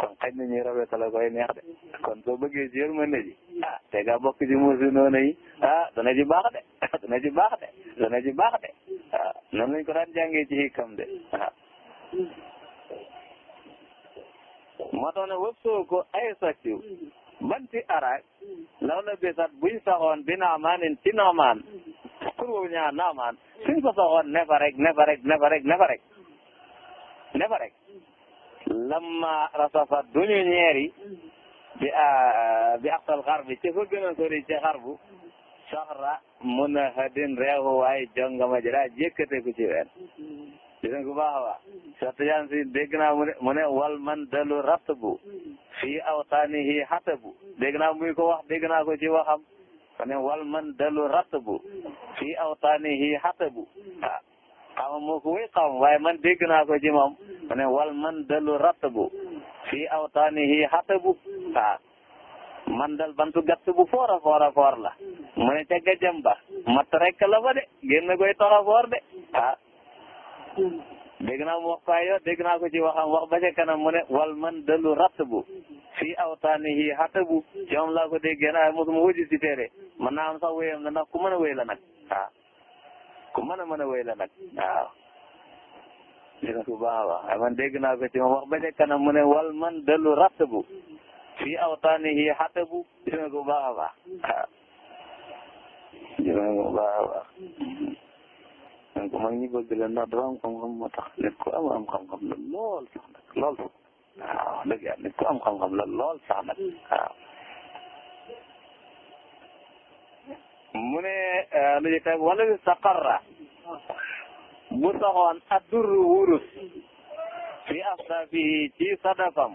kon xëy na ñuy rafetal la koy neex kon soo bëggee ci yërmande ji ah te nga bokk ci muhsinoona yi ah <laughs> dana ci baax de dana ci baax de de waaw ah, noonu lañ ko daan jàngee ci hikam de waaw. Ah. moo tax ne wëpp soo ko ay sakkiw banti araak law la besat buñ saxoon bi naamaanin ci naamaan pour naamaan suñ ko saxoon ne fa rek ne fa rek ne fa rek ne fa rek ne fa rek lamma rasafa duñu ñeeri bi bi axsal xar ci fa gën a sori ci xar bu soxra mun a hadin reewu waaye jongama jëraa jékkate ku ci ween gis nga ku baax a baax Cheikh Tidiane si dégg naa mu ne mu ne wal man dalu ratbu fii awtaanihi hatabu dégg naa muy ko wax dégg naa ko ci waxam mu ne wal man dalu ratbu fii awtaanihi hatabu ah xawma moo ko wéy xawma waaye man dégg naa ko ci moom mu wal man dalu ratbu fii awtaanihi hatabu ah man dal bantu gàtt bu foor a foor a foor la mu ne ca gajam ba mat rek la fa de dégg naa mu wax payo dégg naa ko ci waxam wax ba ca kanam mu wal man dalu rat bu fii awtaanihi hatta bu ci moom laa ko déggee naa mosuma wëji si téere mën naa am sax wéyam la nag ku mën a wéy la nag waaw ku mën a mën a wéy la nag waaw dina ko baax man dégg naa ko ci moom wax ba ca wal man dalu ratt bu fii awtaanihi hatta bu dina ko baax a baax waaw dina ko baax a baax donc mag ñi bëgg la ndax dafa am xam-xam moo tax nit ku am am xam-xam la lool sax nag lool waaw dëgg yàlla nit ku am xam-xam la lool mu ne euh, lu ñu teg wala bi fi asafihi ci sadafam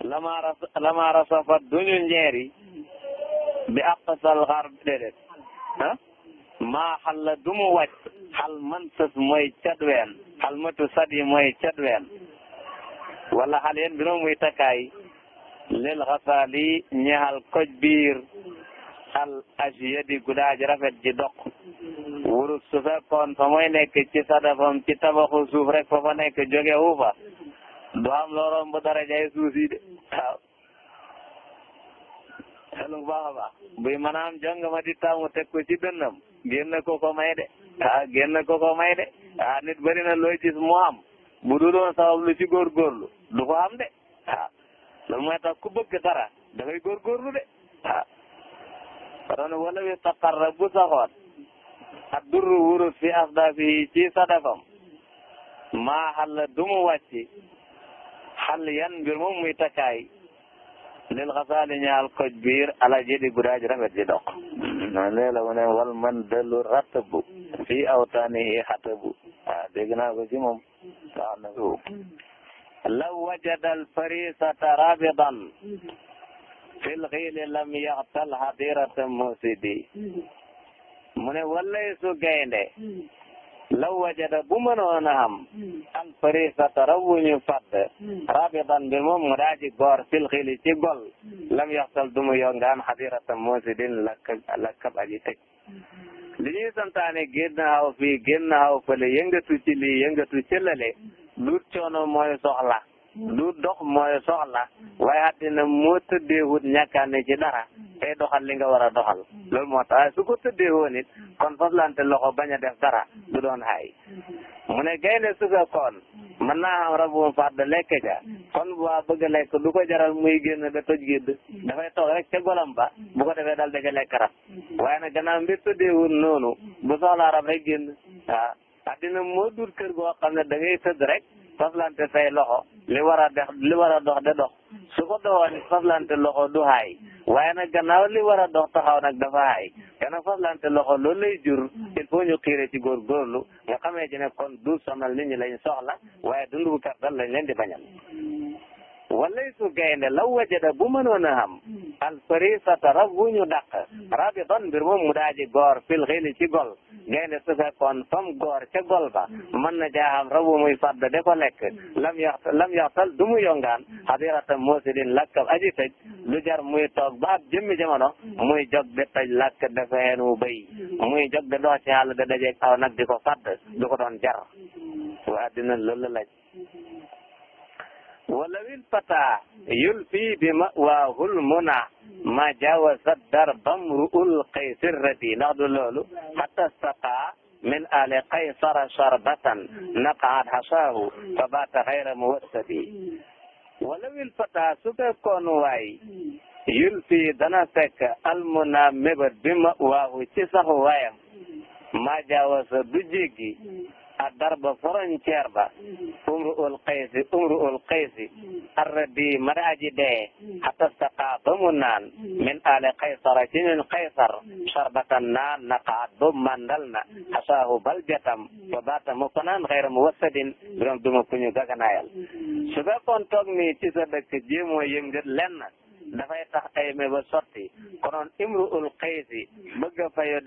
lama ras lama rasafa duñu njeeri bi aqsal xar déedéet ah maa xal la du mu wàcc xal man sës mooy cadween xal matu sadi mooy cadween wala xal yéen bi muy takkaay lil xasaali ñaxal koj biir al asiyadi gudaa ji rafet ji doq wurus su fekkoon fa mooy nekk ci sadafam ci tabaxu suuf rek fa fa nekk jóge wu fa du am looroom bu darajay suuf si de waaw xelu baax a baax buy maanaam jàng ma di taamu teg ko ci dënnam génn ko ko may de ah génn ko ko may de ah nit bëri na looy gis mu am bu dul woon sabab lu ci góorgóorlu du ko am de ah loolu mooy tax ku bëgg dara dafay góorgóorlu de ah. kon wala wi taqarra bu saxoon ak durru wurus fi asdafi ci sadafam maa xàll du mu wàcc xàll yan mbir moom muy takkaay. lil xasaali ñaal koj biir ala jëli gudaaji rafet ji doq noonu lee la mu ne wal man dellu rattabu fii awtaanihi xatabu waaw dégg naa ko ci moom waaw na ko law wajada al farisata rabidan fil xiili lam yaxtal xadirata mosidi mu ne wallay su gaynde law wajada bu mënoon a am hmm. an farisata rawuñu fadd hmm. rabidan bi moom mu daa ji goor fil xili ci gol hmm. lam yaxsal du mu yongaan xadirata moosidin lakka lakkab aji teg li ñuy santaane génn aw fii génn aw fële yëngatu ci lii yëngatu ci lale luut coono mooy soxla du dox mooy soxla waaye àddina moo tëddeewut ñàkkaane ci dara tey doxal li nga war a doxal loolu moo tax waaye su ko tëddeewoon it kon faslante loxo bañ a def dara du doon xaay mu ne gaynde su ko koon mën naa am rabum faat da lekk ja kon bu waa bëgg lekk du ko jaral muy génn da toj gédd dafay toog rek ca golam ba bu ko defee da ca lekk rab waaye nag gannaaw mbir tëddeewut noonu bu soxlaa rab rek génn waaw àddina moo dul ne da ngay tëdd rek faslante say loxo li war a dex li war a dox de dox su ko doxoon faslante loxo du haay waaye nag gannaaw li war a dox taxaw nag dafa haay te nag lante loxo loolu lay jur il faut ñu xiire ci góorgóorlu nga xamee ci ne kon du sonal nit ñi lañ soxla waaye dundu bu lay lañ leen di bañal. wallay su gaynde law wajada bu mënoon a xam hmm. alfarisata rab wu ñu dàq hmm. rabitan mbir moom mu daaji goor fil xili ci gol hmm. gaynde su fekkoon fam goor ca gol ba mën na jaaxam rabu muy fadda de ko lekk lam yox lam yoxtal du mu yongaan xadirata moosidin lakkab aji tëj lu jar muy toog ba ab jëmmi jamono muy jog de tëj lakk dafa heenu béy muy jog de dox ci àll de dajeeg aw nag di ko fadd du ko doon jar waa dina loolu laaj wala wil fata yul fii bi ma waahul muna ma jawasat darba mruul qaysirati ndax du loolu xata staqa min ali qaysara sharbatan naqaat hasaahu fa baata xayra muwassati wala wil fata su fekkoon waay yul fii dana fekk almuna mébét bi ma waahu ci sax waayam ma jawasa du jéggi darba frontière ba umruul qaysi umruul qaysi arradi mara aji dee hatta saqa ba mu naan min ale qaysara ci ñun qaysar sarbatan naan naqaat ba mandal na asaahu baljatam wa baata mu fanaan xayra mu wasadin birom duma ku ñu gaganaayal su fekkoon toog nii ci sa dëkk jéemoo yëngat lenn dafay tax ay me ba sotti konoon imru ul qaysi bëgg a fayu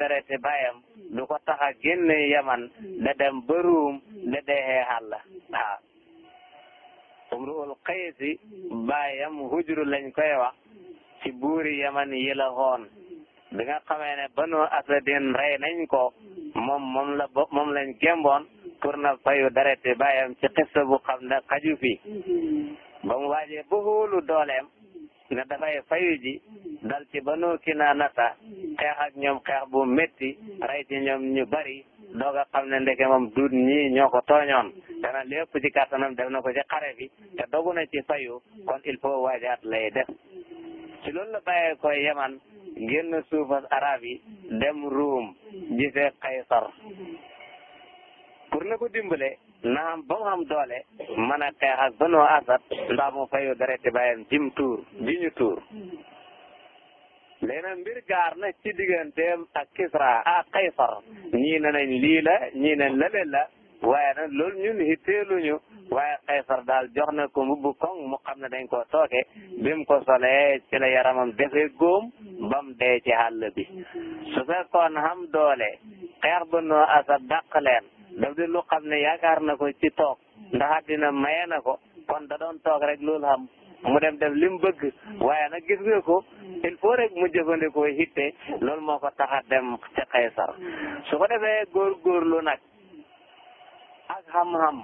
baayam du ko tax a génne yaman da dem ba ruum da deexee xàlla waaw imru ul qaysi bayam hujru lañ koy wax ci buur yaman yi la bi nga xamee ne banu asadin rey nañ ko moom moom la bo moom lañ gemboon pour na fayu dereti bayam ci xissa bu xam ne xaju fi ba mu waajee ba hóolu dooleem ne dafay fayu ji dal ci banu kinaanata xeex ak ñoom xeex bu métti rey ci ñoom ñu bari doog a xam ne ndeke moom duut ñii ñoo ko tooñoon dana lépp ci kàttanam def na ko ci xare bi te dogu na ci fayu kon il faut waajaat lay def ci loolu na bàyyee ko yaman génn suufas arab yi dem ruum gisee kaysar pour na ko dimbale naam ba mu am doole mën a xeex ak Banu Asad ndax mu fayu dereti baayam jim tuur ji ñu tuur léegi mbir gaar na ci digganteem ak Kisra ak Kaysar ñii na nañ lii la ñii ne lale la waaye nag loolu ñun hitteeluñu waaye Kaysar daal jox na ko mbubu koŋ mu xam ne dañ koo tooke bi mu ko solee ci la yaramam defee góom ba mu dee ci àll bi su fekkoon xam doole xeex Banu Asad dàq leen daf di lu xam ne yaakaar na ko ci toog ndax àddina maye na ko kon da doon toog rek loolu xam mu dem def li mu bëgg waaye nag gis nga ko il faut rek mu jëfandikoo hitte loolu moo ko tax a dem ca Kaysar su ko defee góorgóorlu nag ak xam-xam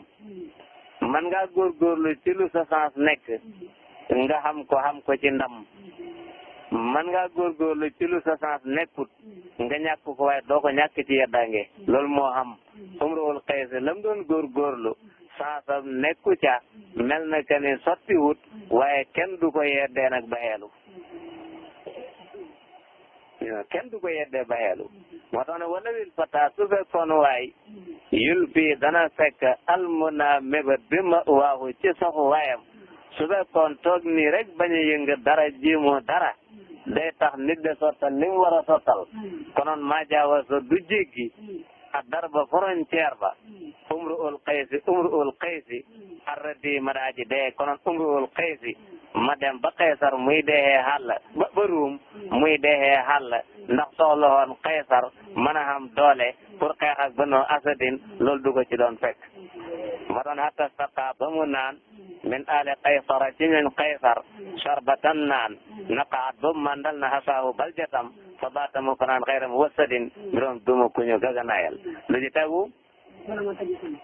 man ngaa góorgóorlu ci lu sa sens nekk nga xam ko xam ko ci ndam man ngaa góorgóorlu ci lu sa sens nekkut nga ñàkk ko waaye doo ko ñàkk ci yeddaange loolu moo xam umrul xaysa lam doon góorgóorlu sansam nekku ca mel na ka ni sotti wut waaye kenn du ko yeddee nag bayeelu kenn du ko yeddee bayeelu moo tax ne wala wil fata su fekkoon yul bii dana fekk almuna mébat bi ma waaxu ci saxu waayam su toog nii rek bañ a yënga dara jiimoo dara day tax nit de sottal li mu war a sottal hmm. konoon maa jaawasa du jéggi hmm. a darba frontière ba hmm. umru ul qaysi umru ul qaysi arradi ma daa ji dee konoon umru ul qaysi ma dem ba qaysar muy deexee xàll ba ba ruum muy deexee xàll ndax soxla woon qaysar mën a xam doole pour xeex ak ba noo asadin loolu du ko ci doon fekk ma doon hatta saqa ba mu naan min aali qaysara ci min qaysar sharbatan naan naqaat boobu mandal na hasaahu baljatam fa baata mu fanaan xayra mu wasadin mbiroom duma kuñu gaganaayal lu ci tegu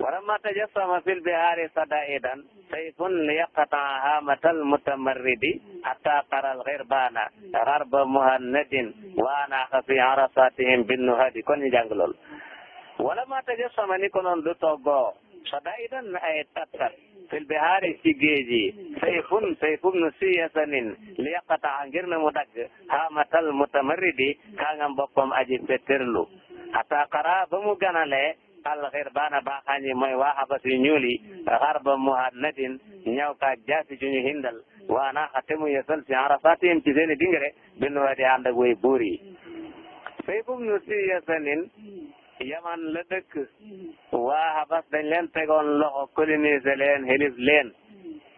ولما تجسم في البحار صدائدا سيف يقطع هامة المتمرد حتى قرى الغربان غرب مهند واناخ في عرصاتهم بالنهاد كن جانجلول ولما تجسم نكون لتوغو صدائدا أي تتت fil bihaari ci géej yi sayfun sayfu nu siyasanin li yaqata ngir na mu dagg xaamatal mutamarridi kaa ngam boppam aji fetterlu hatta qara ba mu ganale alxir baana baaxaañi mooy waa xabas yu ñuul yi xarba muhannatin ñaw kaa jaasi ju ñu hindal waana xa mu yasal si arafaatihim ci seeni dingre bin wa di ànd ak way buur yi sayfu nu siyasanin yaman la dëkk waa habas dañ leen tegoon loxo colonisé leen xelif leen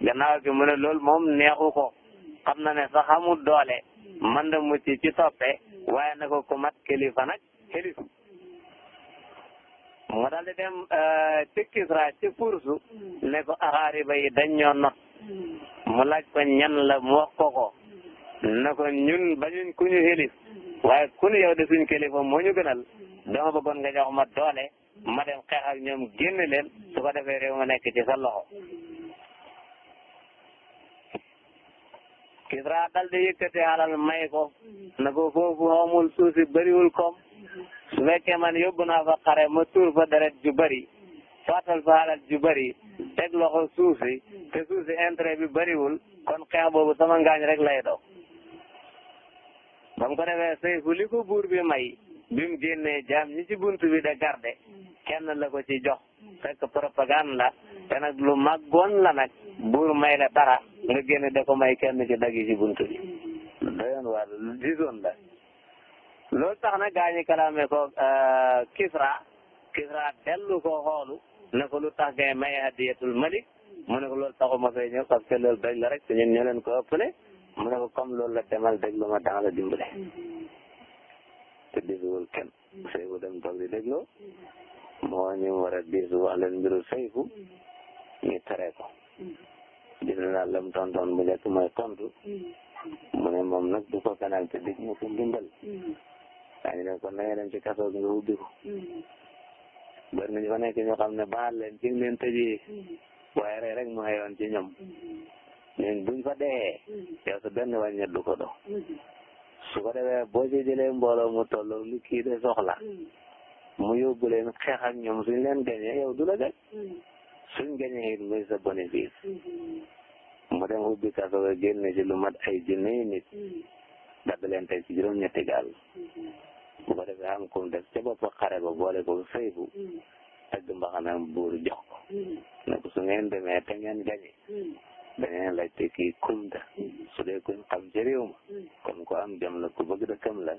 gannaaw gi mu ne loolu moom neexu ko xam na ne sax amul doole man da mucc ci toppe waaye na ko ku mat kilifa nag xelif mu daal di dem euh, ci Kisra ci kursu ne ko axaariba yi dañ ñoo not mu laaj ko ñenn la mu wax ko ko na ko ñun bañuñ ku ñu xelif waaye ku ñu yow de suñ kilifa moo ñu gënal dama bëggoon nga jox ma doole ma dem xeex ak ñoom génn leen su ko defee réew ne nekk ci sa loxo. Kisra dal di yëkkati alal may ko na ko foofu amul suuf si su fekkee man yóbbu naa fa xare ma tuur fa deret ju bëri faatal fa alal ju bëri teg loxo suuf si te suuf si intérêt bi bëriwul kon xeex boobu sama ngaañ rek lay doon. ba mu ko defee sayfu li ko buur bi may. bi mu génnee jaam ñi ci bunt bi de garde kenn la ko ci jox fekk propagande la te nag lu màggoon la nag buur may la dara nga génn da ko may kenn ci dagg yi ci bunt bi dayoon wàll lu disoon la lool tax na gaañi kalaame ko euh, Kisra Kisra dellu ko xoolu ne ko lu tax ngay maye hadiyatul malik mu ne ko lool taxu ma fay ñëw parce que loolu daj la rek te ñun ñoo leen ko ëppale mu ne ko comme loolu la demal déglu ma danga la dimbale te diisuwul kenn sayfu dem toog di dégloo moo ñu war a diisu wax leen mbiru sayfu ñu tere ko gis naa lam tontoon bu njëkk mooy tontu mu ne moom nag du ko kanal te dig mu ko dimbal daañu ne na dem ci kaso bi nga ubbi ko nekk ñoo xam ne baal leen ci leen tëjee waaye rey rek mu xëyoon ci ñoom ñun buñ fa dee yow sa benn wàññet du ko dox su ko defee boo ci jëlee mbooloo mu tolloo lu kii de soxla mm. mu yóbbu leen xeex ak ñoom suñ leen gañee yow du la gañ mm. suñ gañee it muy sa bénéfice mm-hmm. mu dem ubbi kaso ga génne ci lu mat ay junni nit mm. dadd leen teg ci juróom-ñetti gaal bu mm-hmm. ko defee am kum def ca bopp xare ba boole ko sayfu tagg mbaxanaam buur jox ko ne ko su ngeen demee ngeen gañe dangeen laajte kii kum da su dee kuñ xam ci réew ma kon ko am jam la ku bëgg dëkkam la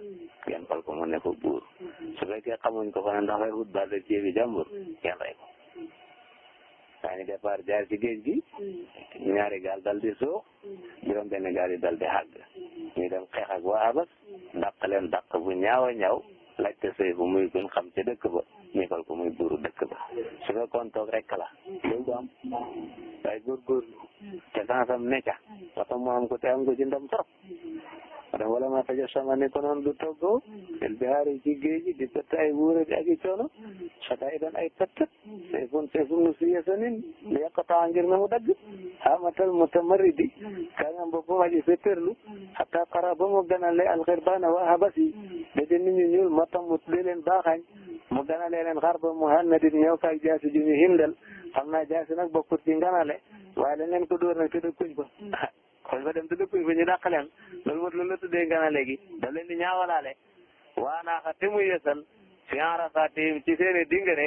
gen fal ko ma ne ko buur su fekkee xamuñ ko fa ndax lay wut baal ci bi jàmbur ngeen rey ko saa ñu départ jaar ci géej gi ñaari gaal dal di suux juróom benn gaal yi dal di xàgg ñu dem xeex ak waa abas dàq leen dàq bu ñaaw a ñaaw laajte muy kuñ xam ci toog rek la loolu du am mm. waaye góorgóorlu mm. te sansam nekka mm. ba tax mu am ko te am wala wala maa tajasama nekkoon lu toggoo. el bihaari ci géej gi di pët ay wuure ak i coono. sakaa idan ay pët. sayfun sayfun mu siy yasanin. li yaqataa ngir na mu dagg. amatal mutamarridi. kaa ngam boppam aji fetterlu. xataa qara ba mu ganale alxirbaana wa habasi. daje nit ñu ñuul moo tax mu tuddee leen baaxañ. mu ganale leen xar ba mu hannadin ñëw kaag jaasi ju ñu hindal. naa jaasi nag bokkut ci ganale. waaye dañ leen ko dóor nag te dëkkuñ ko. xool nga dem te dëkkuñ fa ñu dàq leen loolu moom loolu la tuddee nga ne léegi daf leen di ñaawalaale waanaaxa te mu yeesal fiara satim ci seeni dingare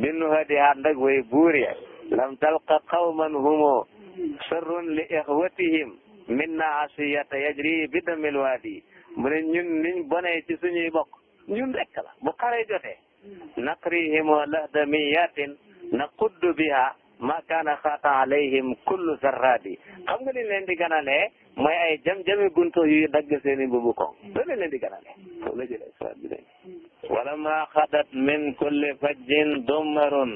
binnu hadi ànd way buur ya lam talqa qawman humo sarrun li ixwatihim minna asiyata yajri bi damil waadi mu ne ñun niñ ci suñuy bokk ñun rek la bu xare jotee naqrihimo lahda miyatin naquddu biha ma kaana xaata alayhim kullu zarradi xam nga li leen di ganalee mooy ay jam-jami gunto yuy dagg seen i mbubu koŋ loolu leen di ganalee loolu la jëlee soit bi leen wala ma xadat min kulli fajjin dumarun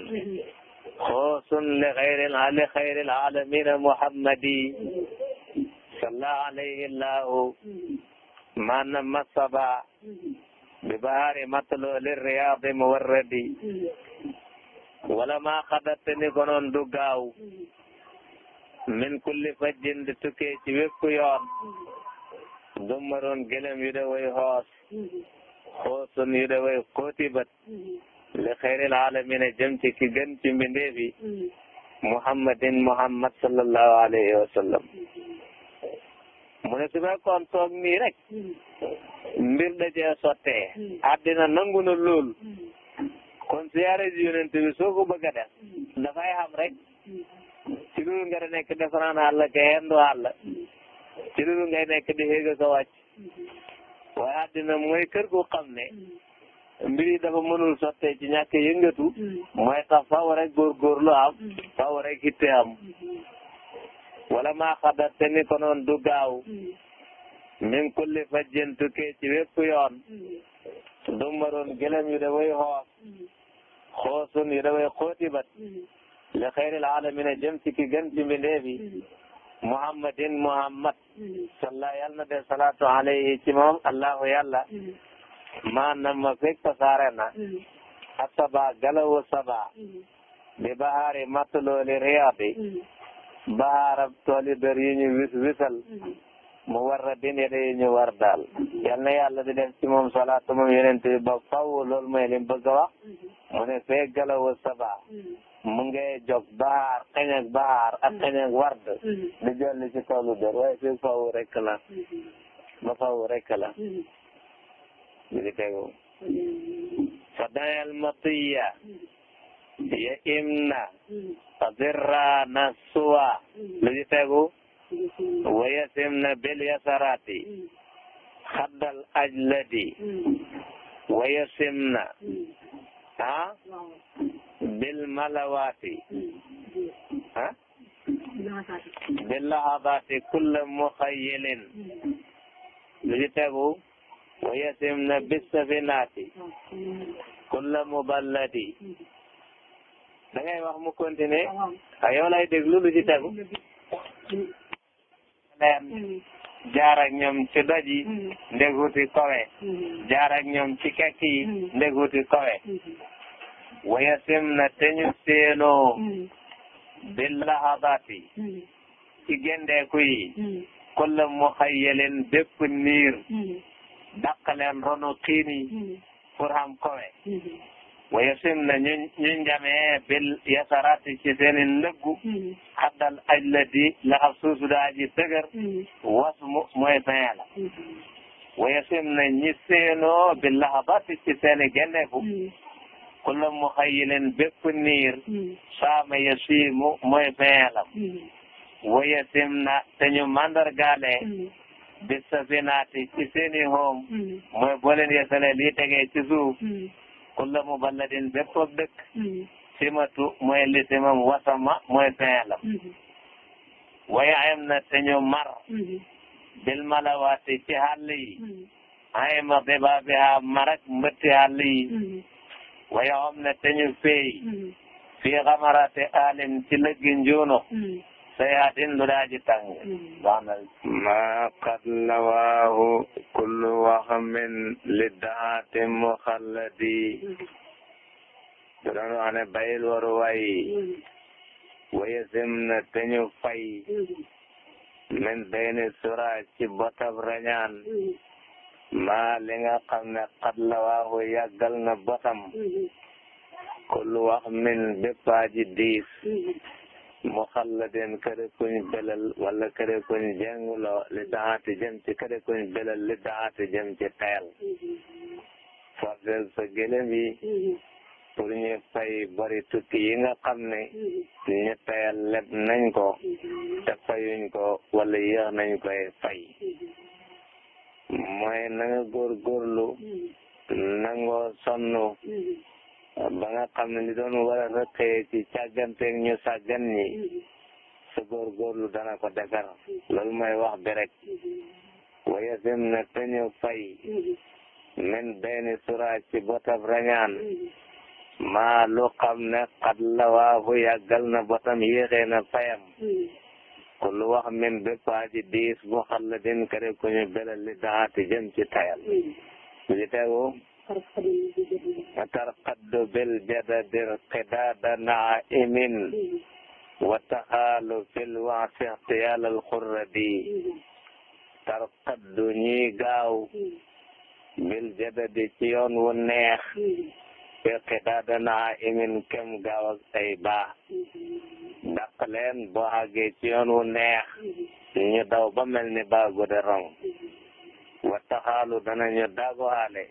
xoosun li xayril li xayril alamina muhammadi salla alayhi llahu maanaam masaba bi bahaari matloli riyaadi muwarradi wala maa xadatte ni konoon du gaaw min kulli fajjin di tukkee ci wépp yoon dummaroon gëlëm yu de way xoos xoosun yu de way xóoti bët li xayril aalamina jëm ci ki gën ci mbindeef yi muhammadin muhammad sallallahu alayhi wa sallam mu ne su fekkoon toog nii rek mbir dajee sottee addina nangu na lool kon siyaare ji yonent bi soo ko bëgg a def dafay xam rek ci loolu nga nekk defaraan àll ka yendu àll ci loolu ngay nekk di xéeg a ko wàcc waaye àddina mooy kër gu xam ne mbir yi dafa mënul sottee ci ñàkk yëngatu mooy tax faw rek góorgóorlu am faw rek hitte am wala maa xadat te ko noon du gaaw min kulli fajjin tukkee ci wépp yoon dumbaroon gëlëm yu da way xoos xoosun yi dafay xooti bat li xayril aalamiina jëm ci ki gën ci mbindeef yi muhammadin muhammad salla yal na def salaatu alayhi ci moom allahu yàlla maanaam ma fekk tasaare na asaba galawu saba di bahaari mattalooli riyaadi bahaarab tooli dër yi ñu wis wisal mu war a dindi day ñu war daal yal na yàlla di def ci moom salaatu moom yonent bi ba faw loolu mooy li mu bëgg a wax mm-hmm. mu ne fee galawu sabaa mm-hmm. mu ngi jóg baar xëñ ak baar ak mm-hmm. xëñ di jolli ci kaw lu dër waaye fii faw rek la ba faw rek la di tegu ya imna fa dirra nasuwa lu di tegu ويسمن باليسارات خد الأجلد ويسمن ها بالملوات ها باللحظات كل مخيل لجتبو ويسمن بالسفينات كل مبلد da ngay wax mu continuer ak yow lay déglu lu ci tegu teen mm. ñoom ci doj yi mm. ndeguti kowe mm. jaar ak ñoom ci kekk yi ndeguti kowe wayasim na teñu seenoo bil lahadati ci gendeeku yi kulla muxayyalin bépp niir dàqaleen ronu xiin kowe wayasin na ñu ñu njamee bil yasarati ci seeni ndëggu mm-hmm. haddal ajladi la xam suusu daa ji dëgër mm-hmm. was mooy fin la mm-hmm. wayasin na ñi seenoo bil lahabati ci seeni genneeku kulla mu xayilin bépp niir saama yasiimu mooy fin la wayasim na te ñu mandargaale bi safinaati ci seeni hoom mooy boo leen yesalee lii ci suuf kulla muballadin bépp ak dëkk hmm. simatu mooy lisimam wasama mooy feelam hmm. waaye ayam na te ñu mar hmm. bil malawaati ci xàll yi ayam a dibaabiha marak mbëtti xàll yi waaye om na te ñu feey fii xamarate alim ci lëggi njuuno sayaatin lu daa ji tàng hmm. ma qad lawaahu kullu waxamin li daati muxalladi hmm. du doon wax ne bayil waru way hmm. wayasim na teñu fay min bayni sura ci botab rañaan maa li nga xam ne qad lawaahu yàggal na botam kullu wax min béppaa ji diis muxalladin këre kuñ belal wala këre kuñ jenguloo li daxaati jëm ci këre kuñ belal li daxaati jëm ci tayal forcel sa gëlëm yi pour ñu fay bari tukki yi nga xam ne ñu tayal leb nañ ko te fayuñ ko wala yéex nañ koy fay mooy na nga góorgóorlu nangoo sonn ba nga xam ne li doon war a rëqee ci càgganteeg ñu sàggan ñi sa góorgóorlu dana ko defar loolu mooy wax bi rek waaye sim na te ñu fay min benn sura ci botab rañaan maa lu xam ne xat la waafu yàggal na botam yéexee na fayam ku lu wax min bépp aji diis bu xal la din kare ku ñu belal li daati jëm ci tayal li teewoo وترقد بالجدد قداد نعائم وتحال في الوعس احتيال الخردي ترقد ñi gaaw بالجدد ci yoon wu neex fi qidaad naa'imin kem gaaw ak ay baax dàq leen boo àggee ci wu neex ñu daw ba mel ni baagu de rong wa taxaalu danañu daagu haale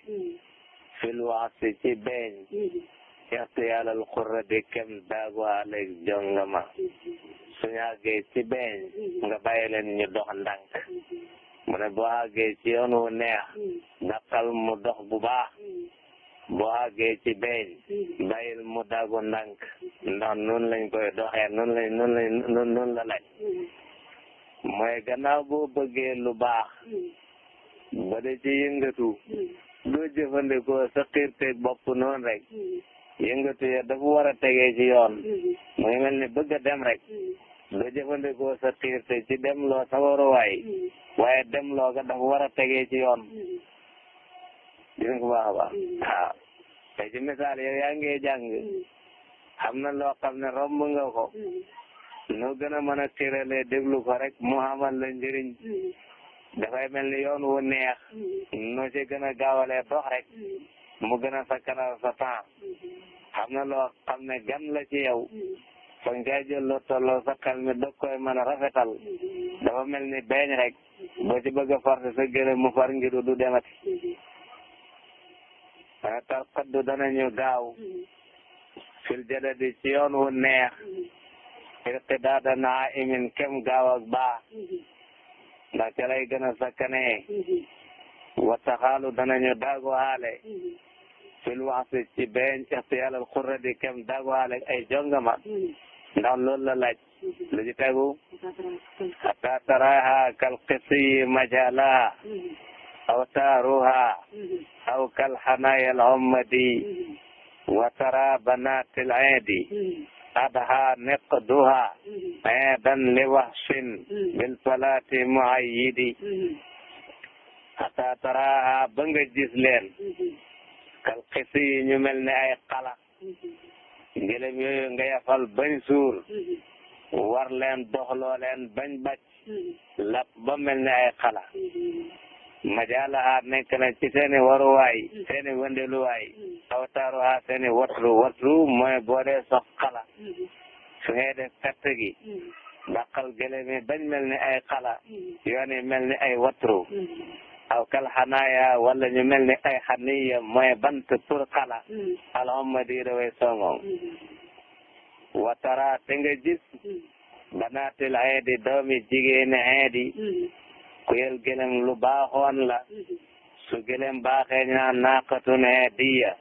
fil waxti ci beeñ ixtiyaal al qurrati kem daagu aleeg jongama suñu àggee ci beeñ nga bàyyi leen ñu dox ndànk mu ne bu àggee ci yoon wu neex daqal mu dox bu baax boo àggee ci beeñ bàyyil mu daagu ndànk ndax noonu lañ koy doxee noonu lañ noonu lañ noonu la lañ mooy gannaaw boo bëggee lu baax ba de ci yëngatu doo jëfandikoo sa xiirteeg bopp noonu rek mm. yëngatu ya dafa war a tegee ci yoon mooy mm. mel ni bëgg a dem rek mm. doo jëfandikoo sa xiirte ci dem loo sa waruwaay waaye dem loo ga dafa war a tegee ci yoon gis nga baax a baax waaw te ci misaal yow yaa ngee na loo xam ne romb nga ko noo gën a mën a xiiralee déglu ko rek mu xamal la njëriñ dafay mel ni yoon wu neex noo ci gën a gaawalee mu gën a sakkanal sa temps xam na loo xam ne gan la ci yow foog nga jël loo tolloo sa xel mi dog koy mën a rafetal mel ni beeñ rek boo ci bëgg a forcé sa gëlëm mu far ngiru du demati dana tar xaddu danañu gaaw fil jadadi ci yoon wu neex irqidaada naa imin kem gaaw ak baa ndax ca lay gën a sakkane mhm. wata xaalu danañu daago haale mhm. fil waxtu ci benn ixtiyaar al xurra di kem daago haale ay jongama mhm. ndax loolu la laaj lu ci tegu hatta taraha kal qisiyi majalaha aw taaruha aw kal xanaaya al hommadi wa tara banaatil aidi adha miqduha eedan li wahsin bil palaati muhayyidi hatta taraha ba nga gis leen kal xisi ñu mel ni ay xala ngelem yooyu nga yafal bañ suur war leen doxloo leen ba mel ni ay xala majaalaha nekk na ci seeni waruwaay mm. seeni wëndeluwaay mm. awtaaruha seeni watlu watlu mooy boo dee sox xala mm. su xee def perte gi daqal gëlëm yi bañ mel ni ay xala yoon yi mel ni ay watru aw kal xanaaya wala ñu mel ni ay xaniya mooy bant pour xala alhamma di rawee songong watara te nga gis banaatil xeedi doomi jigéeni xeedi kuyel gëlëm lu baaxoon la su gëlëm baaxee ñu naan naaqatun hediya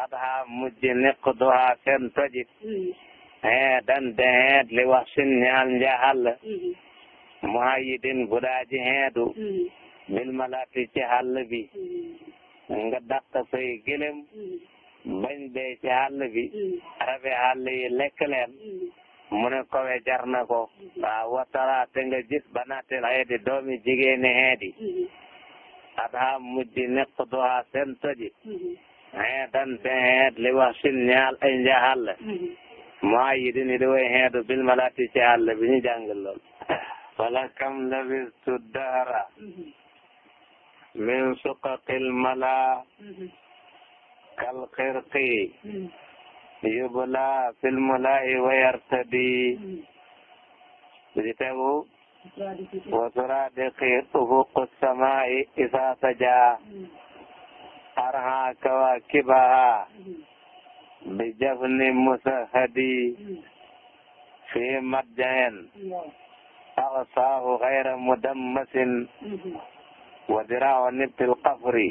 adha mujj niqduha seen tojit heedan de heed li wax sin ñaal njaxal muhayyidin gudaaji heedu bil malati ci xàll bi nga dàq say gëlëm bañ dee ci xàll bi rafe xàll yi lekk leen mu ne kowe jar na ko waaw watara te nga gis banaatil xeeti doomi jigéeni xeeti mm-hmm. adha mujj nekk doha seen toji xeetan mm-hmm. te xeet li wax ñaal ay njaxal maa mm-hmm. yi dini di way xeetu bil malaati ci àll bi ñu jàng lool wala kam labistu dahra min suqaqil mala kal xirqi yubla fil mulaa'i wa yartadi ji tegu wa suraadiqi ufuqu samaa'i isaa sajaa arha kawaakibaha bi jafni musahadi fi madjaen aqsaahu gayra mudammasin wa diraawa nibtil qafri